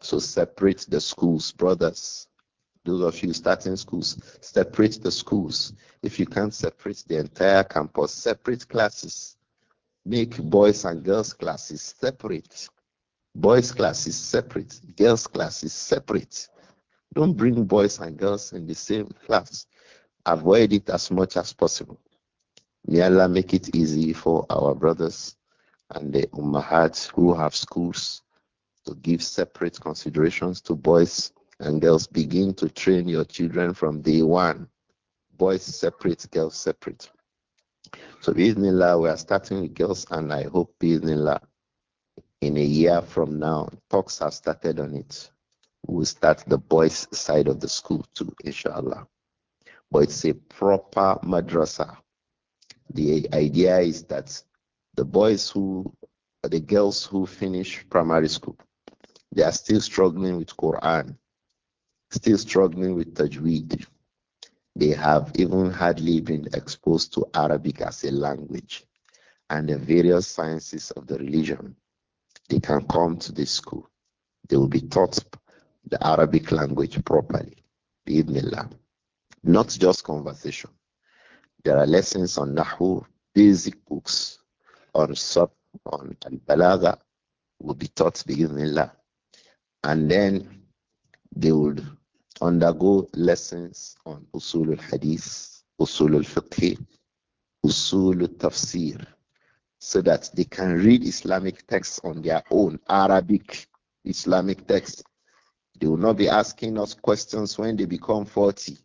So separate the schools, brothers. Those of you starting schools, separate the schools. If you can't separate the entire campus, separate classes. Make boys and girls classes separate. Boys' class is separate, girls' class is separate. Don't bring boys and girls in the same class. Avoid it as much as possible. May Allah make it easy for our brothers and the Ummahats who have schools to give separate considerations to boys and girls. Begin to train your children from day one. Boys separate, girls separate. So, Bismillah, we are starting with girls, and I hope Bismillah in a year from now, talks have started on it. We'll start the boys' side of the school too, inshallah. But it's a proper madrasa. The idea is that the boys who, the girls who finish primary school, they are still struggling with Quran, still struggling with Tajweed. They have even hardly been exposed to Arabic as a language and the various sciences of the religion they can come to this school. They will be taught the Arabic language properly. Bismillah. Not just conversation. There are lessons on Nahu, basic books on Sub, on Al Balagha will be taught Bismillah. And then they will undergo lessons on Usul al Hadith, Usul al Fiqh, Usul al Tafsir so that they can read Islamic texts on their own, Arabic Islamic texts. They will not be asking us questions when they become 40.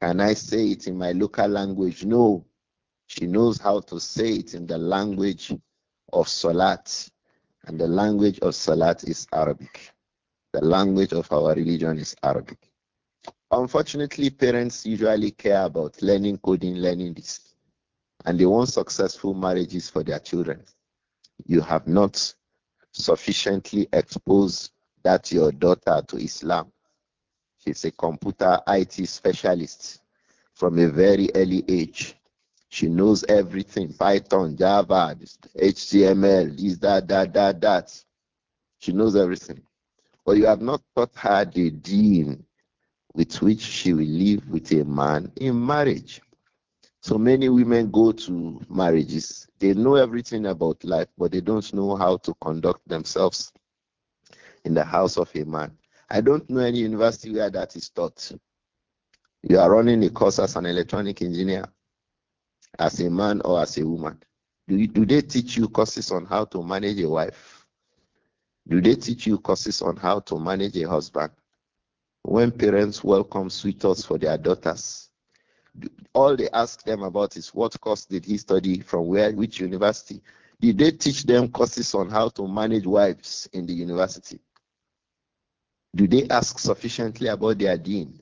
Can I say it in my local language? No. She knows how to say it in the language of Salat. And the language of Salat is Arabic. The language of our religion is Arabic. Unfortunately, parents usually care about learning coding, learning this and they want successful marriages for their children. You have not sufficiently exposed that your daughter to Islam. She's a computer IT specialist from a very early age. She knows everything Python, Java, HTML, this, that, that, that, that. She knows everything. But you have not taught her the deen with which she will live with a man in marriage. So many women go to marriages. They know everything about life, but they don't know how to conduct themselves in the house of a man. I don't know any university where that is taught. You are running a course as an electronic engineer, as a man or as a woman. Do, you, do they teach you courses on how to manage a wife? Do they teach you courses on how to manage a husband? When parents welcome suitors for their daughters, all they ask them about is what course did he study from where, which university. Did they teach them courses on how to manage wives in the university? Do they ask sufficiently about their dean?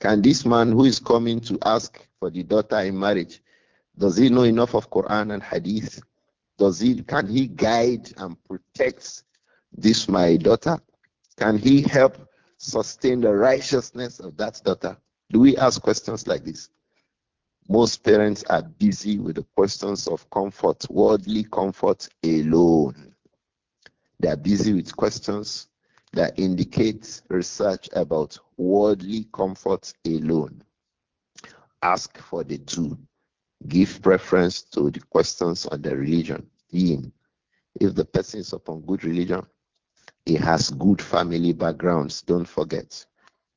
Can this man who is coming to ask for the daughter in marriage, does he know enough of Quran and Hadith? Does he can he guide and protect this my daughter? Can he help sustain the righteousness of that daughter? Do we ask questions like this? Most parents are busy with the questions of comfort, worldly comfort alone. They are busy with questions that indicate research about worldly comfort alone. Ask for the two. Give preference to the questions on the religion. theme. If the person is upon good religion, he has good family backgrounds, don't forget.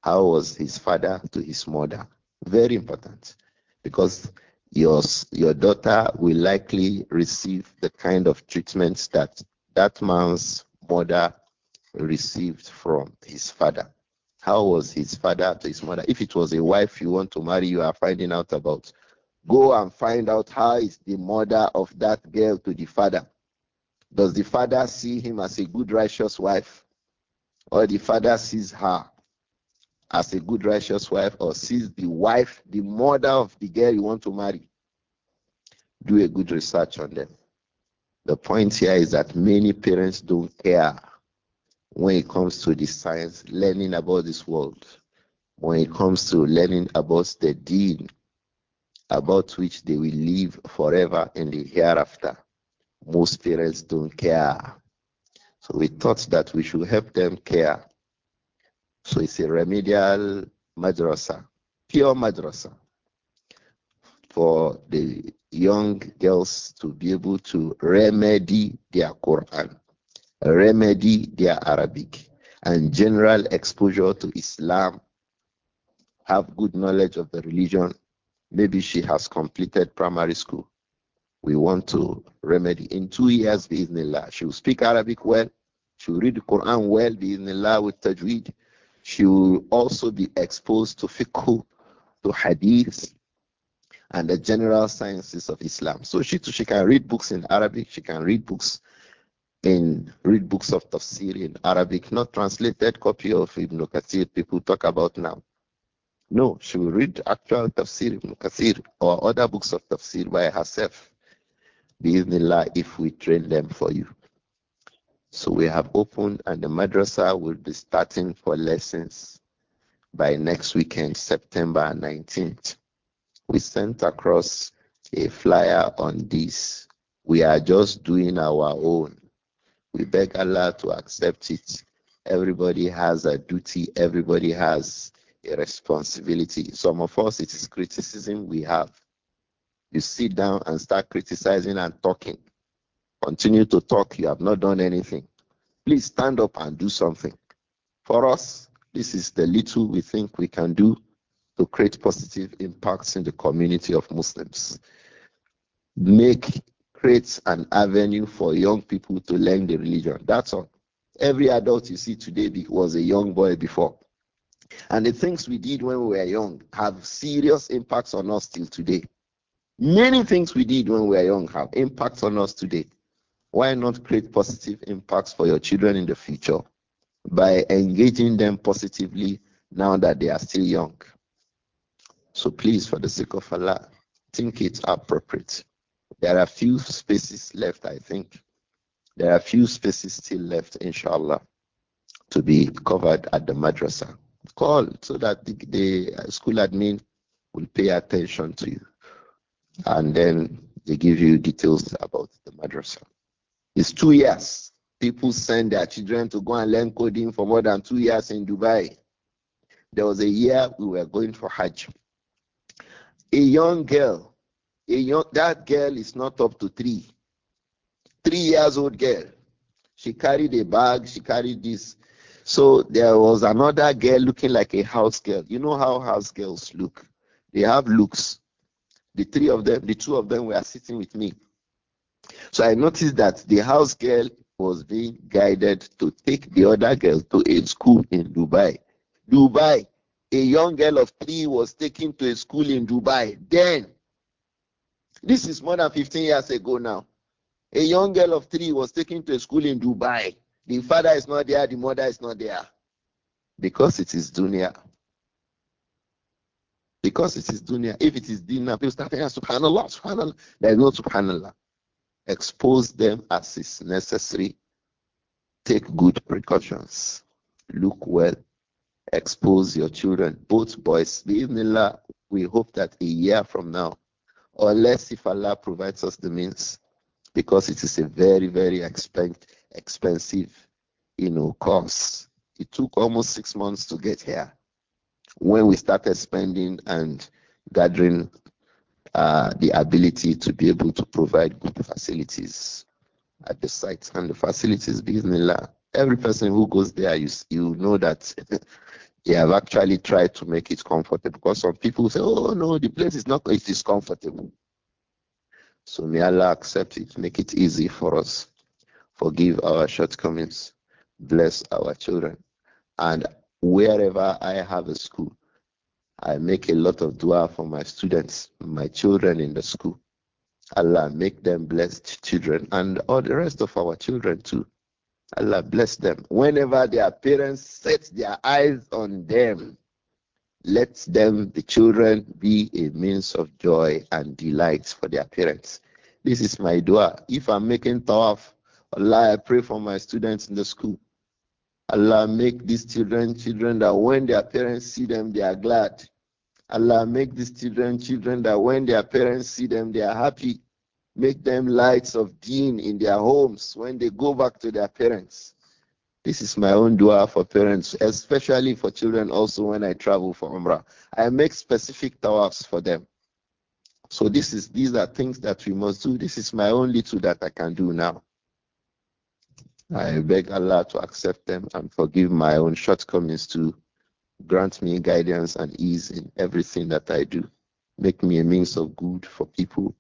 How was his father to his mother? Very important because your, your daughter will likely receive the kind of treatment that that man's mother received from his father. How was his father to his mother? If it was a wife you want to marry, you are finding out about. Go and find out how is the mother of that girl to the father. Does the father see him as a good, righteous wife? Or the father sees her as a good righteous wife or sees the wife, the mother of the girl you want to marry. Do a good research on them. The point here is that many parents don't care when it comes to the science, learning about this world, when it comes to learning about the deen, about which they will live forever in the hereafter. Most parents don't care. So we thought that we should help them care so it's a remedial madrasa, pure madrasa for the young girls to be able to remedy their Quran, remedy their Arabic, and general exposure to Islam, have good knowledge of the religion. Maybe she has completed primary school. We want to remedy. In two years, Bismillah, she will speak Arabic well, she will read the Quran well, Bismillah, with Tajweed, she will also be exposed to fiqh, to hadith, and the general sciences of Islam. So she too, she can read books in Arabic, she can read books in read books of tafsir in Arabic, not translated copy of Ibn Kathir people talk about now. No, she will read actual tafsir Ibn Kathir or other books of tafsir by herself. Bismillah, if we train them for you. So we have opened, and the madrasa will be starting for lessons by next weekend, September 19th. We sent across a flyer on this. We are just doing our own. We beg Allah to accept it. Everybody has a duty, everybody has a responsibility. Some of us, it is criticism we have. You sit down and start criticizing and talking. Continue to talk. You have not done anything. Please stand up and do something. For us, this is the little we think we can do to create positive impacts in the community of Muslims. Make create an avenue for young people to learn the religion. That's all. Every adult you see today was a young boy before. And the things we did when we were young have serious impacts on us till today. Many things we did when we were young have impacts on us today. Why not create positive impacts for your children in the future by engaging them positively now that they are still young? So please, for the sake of Allah, think it appropriate. There are few spaces left, I think. There are few spaces still left, inshallah, to be covered at the madrasa. Call so that the, the school admin will pay attention to you. And then they give you details about the madrasa. It's two years. People send their children to go and learn coding for more than two years in Dubai. There was a year we were going for Hajj. A young girl, a young that girl is not up to three. Three years old girl. She carried a bag, she carried this. So there was another girl looking like a house girl. You know how house girls look. They have looks. The three of them, the two of them were sitting with me. So I noticed that the house girl was being guided to take the other girl to a school in Dubai. Dubai, a young girl of three was taken to a school in Dubai. Then, this is more than 15 years ago now. A young girl of three was taken to a school in Dubai. The father is not there, the mother is not there. Because it is dunya. Because it is dunya. If it is dunya, people start saying, ah, subhanallah, subhanallah. There is no subhanallah expose them as is necessary, take good precautions, look well, expose your children, both boys. we hope that a year from now, unless if Allah provides us the means, because it is a very, very expensive, expensive, you know, cost. It took almost six months to get here when we started spending and gathering uh, the ability to be able to provide good facilities at the site and the facilities bismillah every person who goes there you you know that they have actually tried to make it comfortable because some people say oh no the place is not it is comfortable so may allah accept it make it easy for us forgive our shortcomings bless our children and wherever i have a school I make a lot of dua for my students, my children in the school. Allah make them blessed children and all the rest of our children too. Allah bless them. Whenever their parents set their eyes on them, let them, the children, be a means of joy and delight for their parents. This is my dua. If I'm making tawaf, Allah, I pray for my students in the school. Allah make these children children that when their parents see them, they are glad. Allah make these children children that when their parents see them, they are happy. Make them lights of deen in their homes when they go back to their parents. This is my own dua for parents, especially for children also when I travel for Umrah. I make specific tawafs for them. So this is these are things that we must do. This is my own little that I can do now. I beg Allah to accept them and forgive my own shortcomings to Grant me guidance and ease in everything that I do. Make me a means of good for people.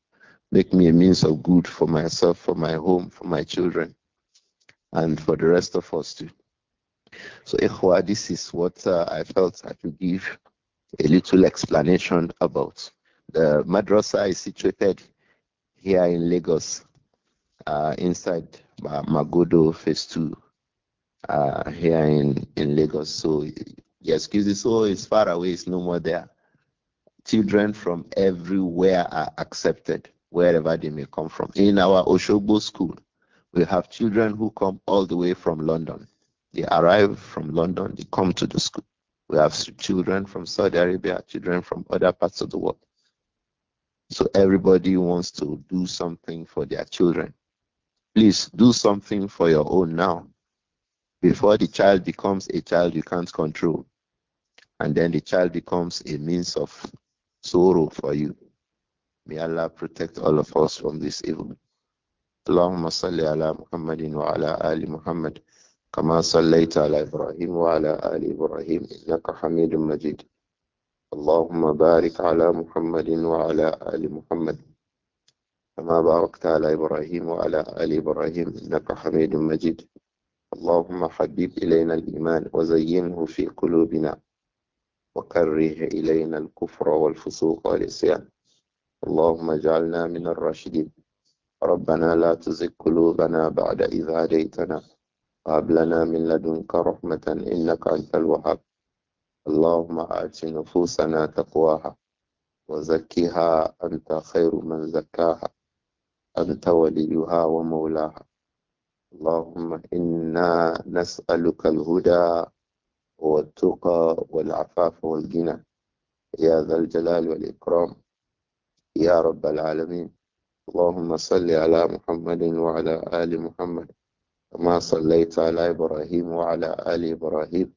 Make me a means of good for myself, for my home, for my children, and for the rest of us too. So, Ikhwa, this is what uh, I felt I could give a little explanation about. The madrasa is situated here in Lagos, uh, inside uh, Magodo Phase 2 uh, here in, in Lagos. So the excuse is so it's far away, it's no more there. Children from everywhere are accepted, wherever they may come from. In our Oshobo school, we have children who come all the way from London. They arrive from London, they come to the school. We have children from Saudi Arabia, children from other parts of the world. So everybody wants to do something for their children. Please do something for your own now. Before the child becomes a child you can't control, and then the child becomes a means of sorrow for you. May Allah protect all of us from this evil. اللهم Wa Ala Ali Muhammad, آل محمد Ala Ibrahim Wa Ala Ali Ibrahim, إبراهيم إنك Majid. Allahumma Barik Ala على Wa Ala Ali Muhammad. كما باركت على إبراهيم وعلى آل إبراهيم إنك حميد مجيد اللهم حبب إلينا الإيمان وزينه في قلوبنا وكره إلينا الكفر والفسوق والعصيان اللهم اجعلنا من الراشدين ربنا لا تزغ قلوبنا بعد إذ هديتنا وهب لنا من لدنك رحمة إنك أنت الوهاب اللهم آت نفوسنا تقواها وزكها أنت خير من زكاها أنت وليها ومولاها اللهم إنا نسألك الهدى والتقى والعفاف والغنى يا ذا الجلال والإكرام يا رب العالمين اللهم صل على محمد وعلى آل محمد كما صليت على إبراهيم وعلى آل إبراهيم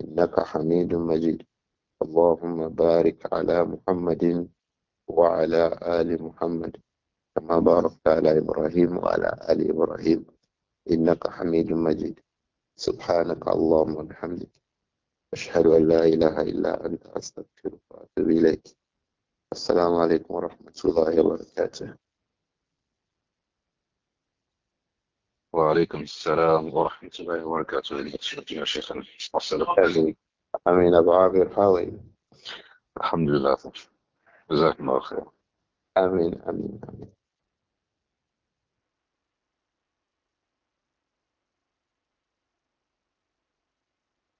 إنك حميد مجيد اللهم بارك على محمد وعلى آل محمد كما باركت على إبراهيم وعلى آل إبراهيم إنك حميد مجيد سبحانك اللهم وبحمدك أشهد أن لا إله إلا أنت أستغفرك وأتوب إليك السلام عليكم ورحمة الله وبركاته وعليكم السلام ورحمة الله وبركاته يا شيخنا أمين أبو عابر حاضر الحمد لله جزاكم الله خير آمين آمين آمين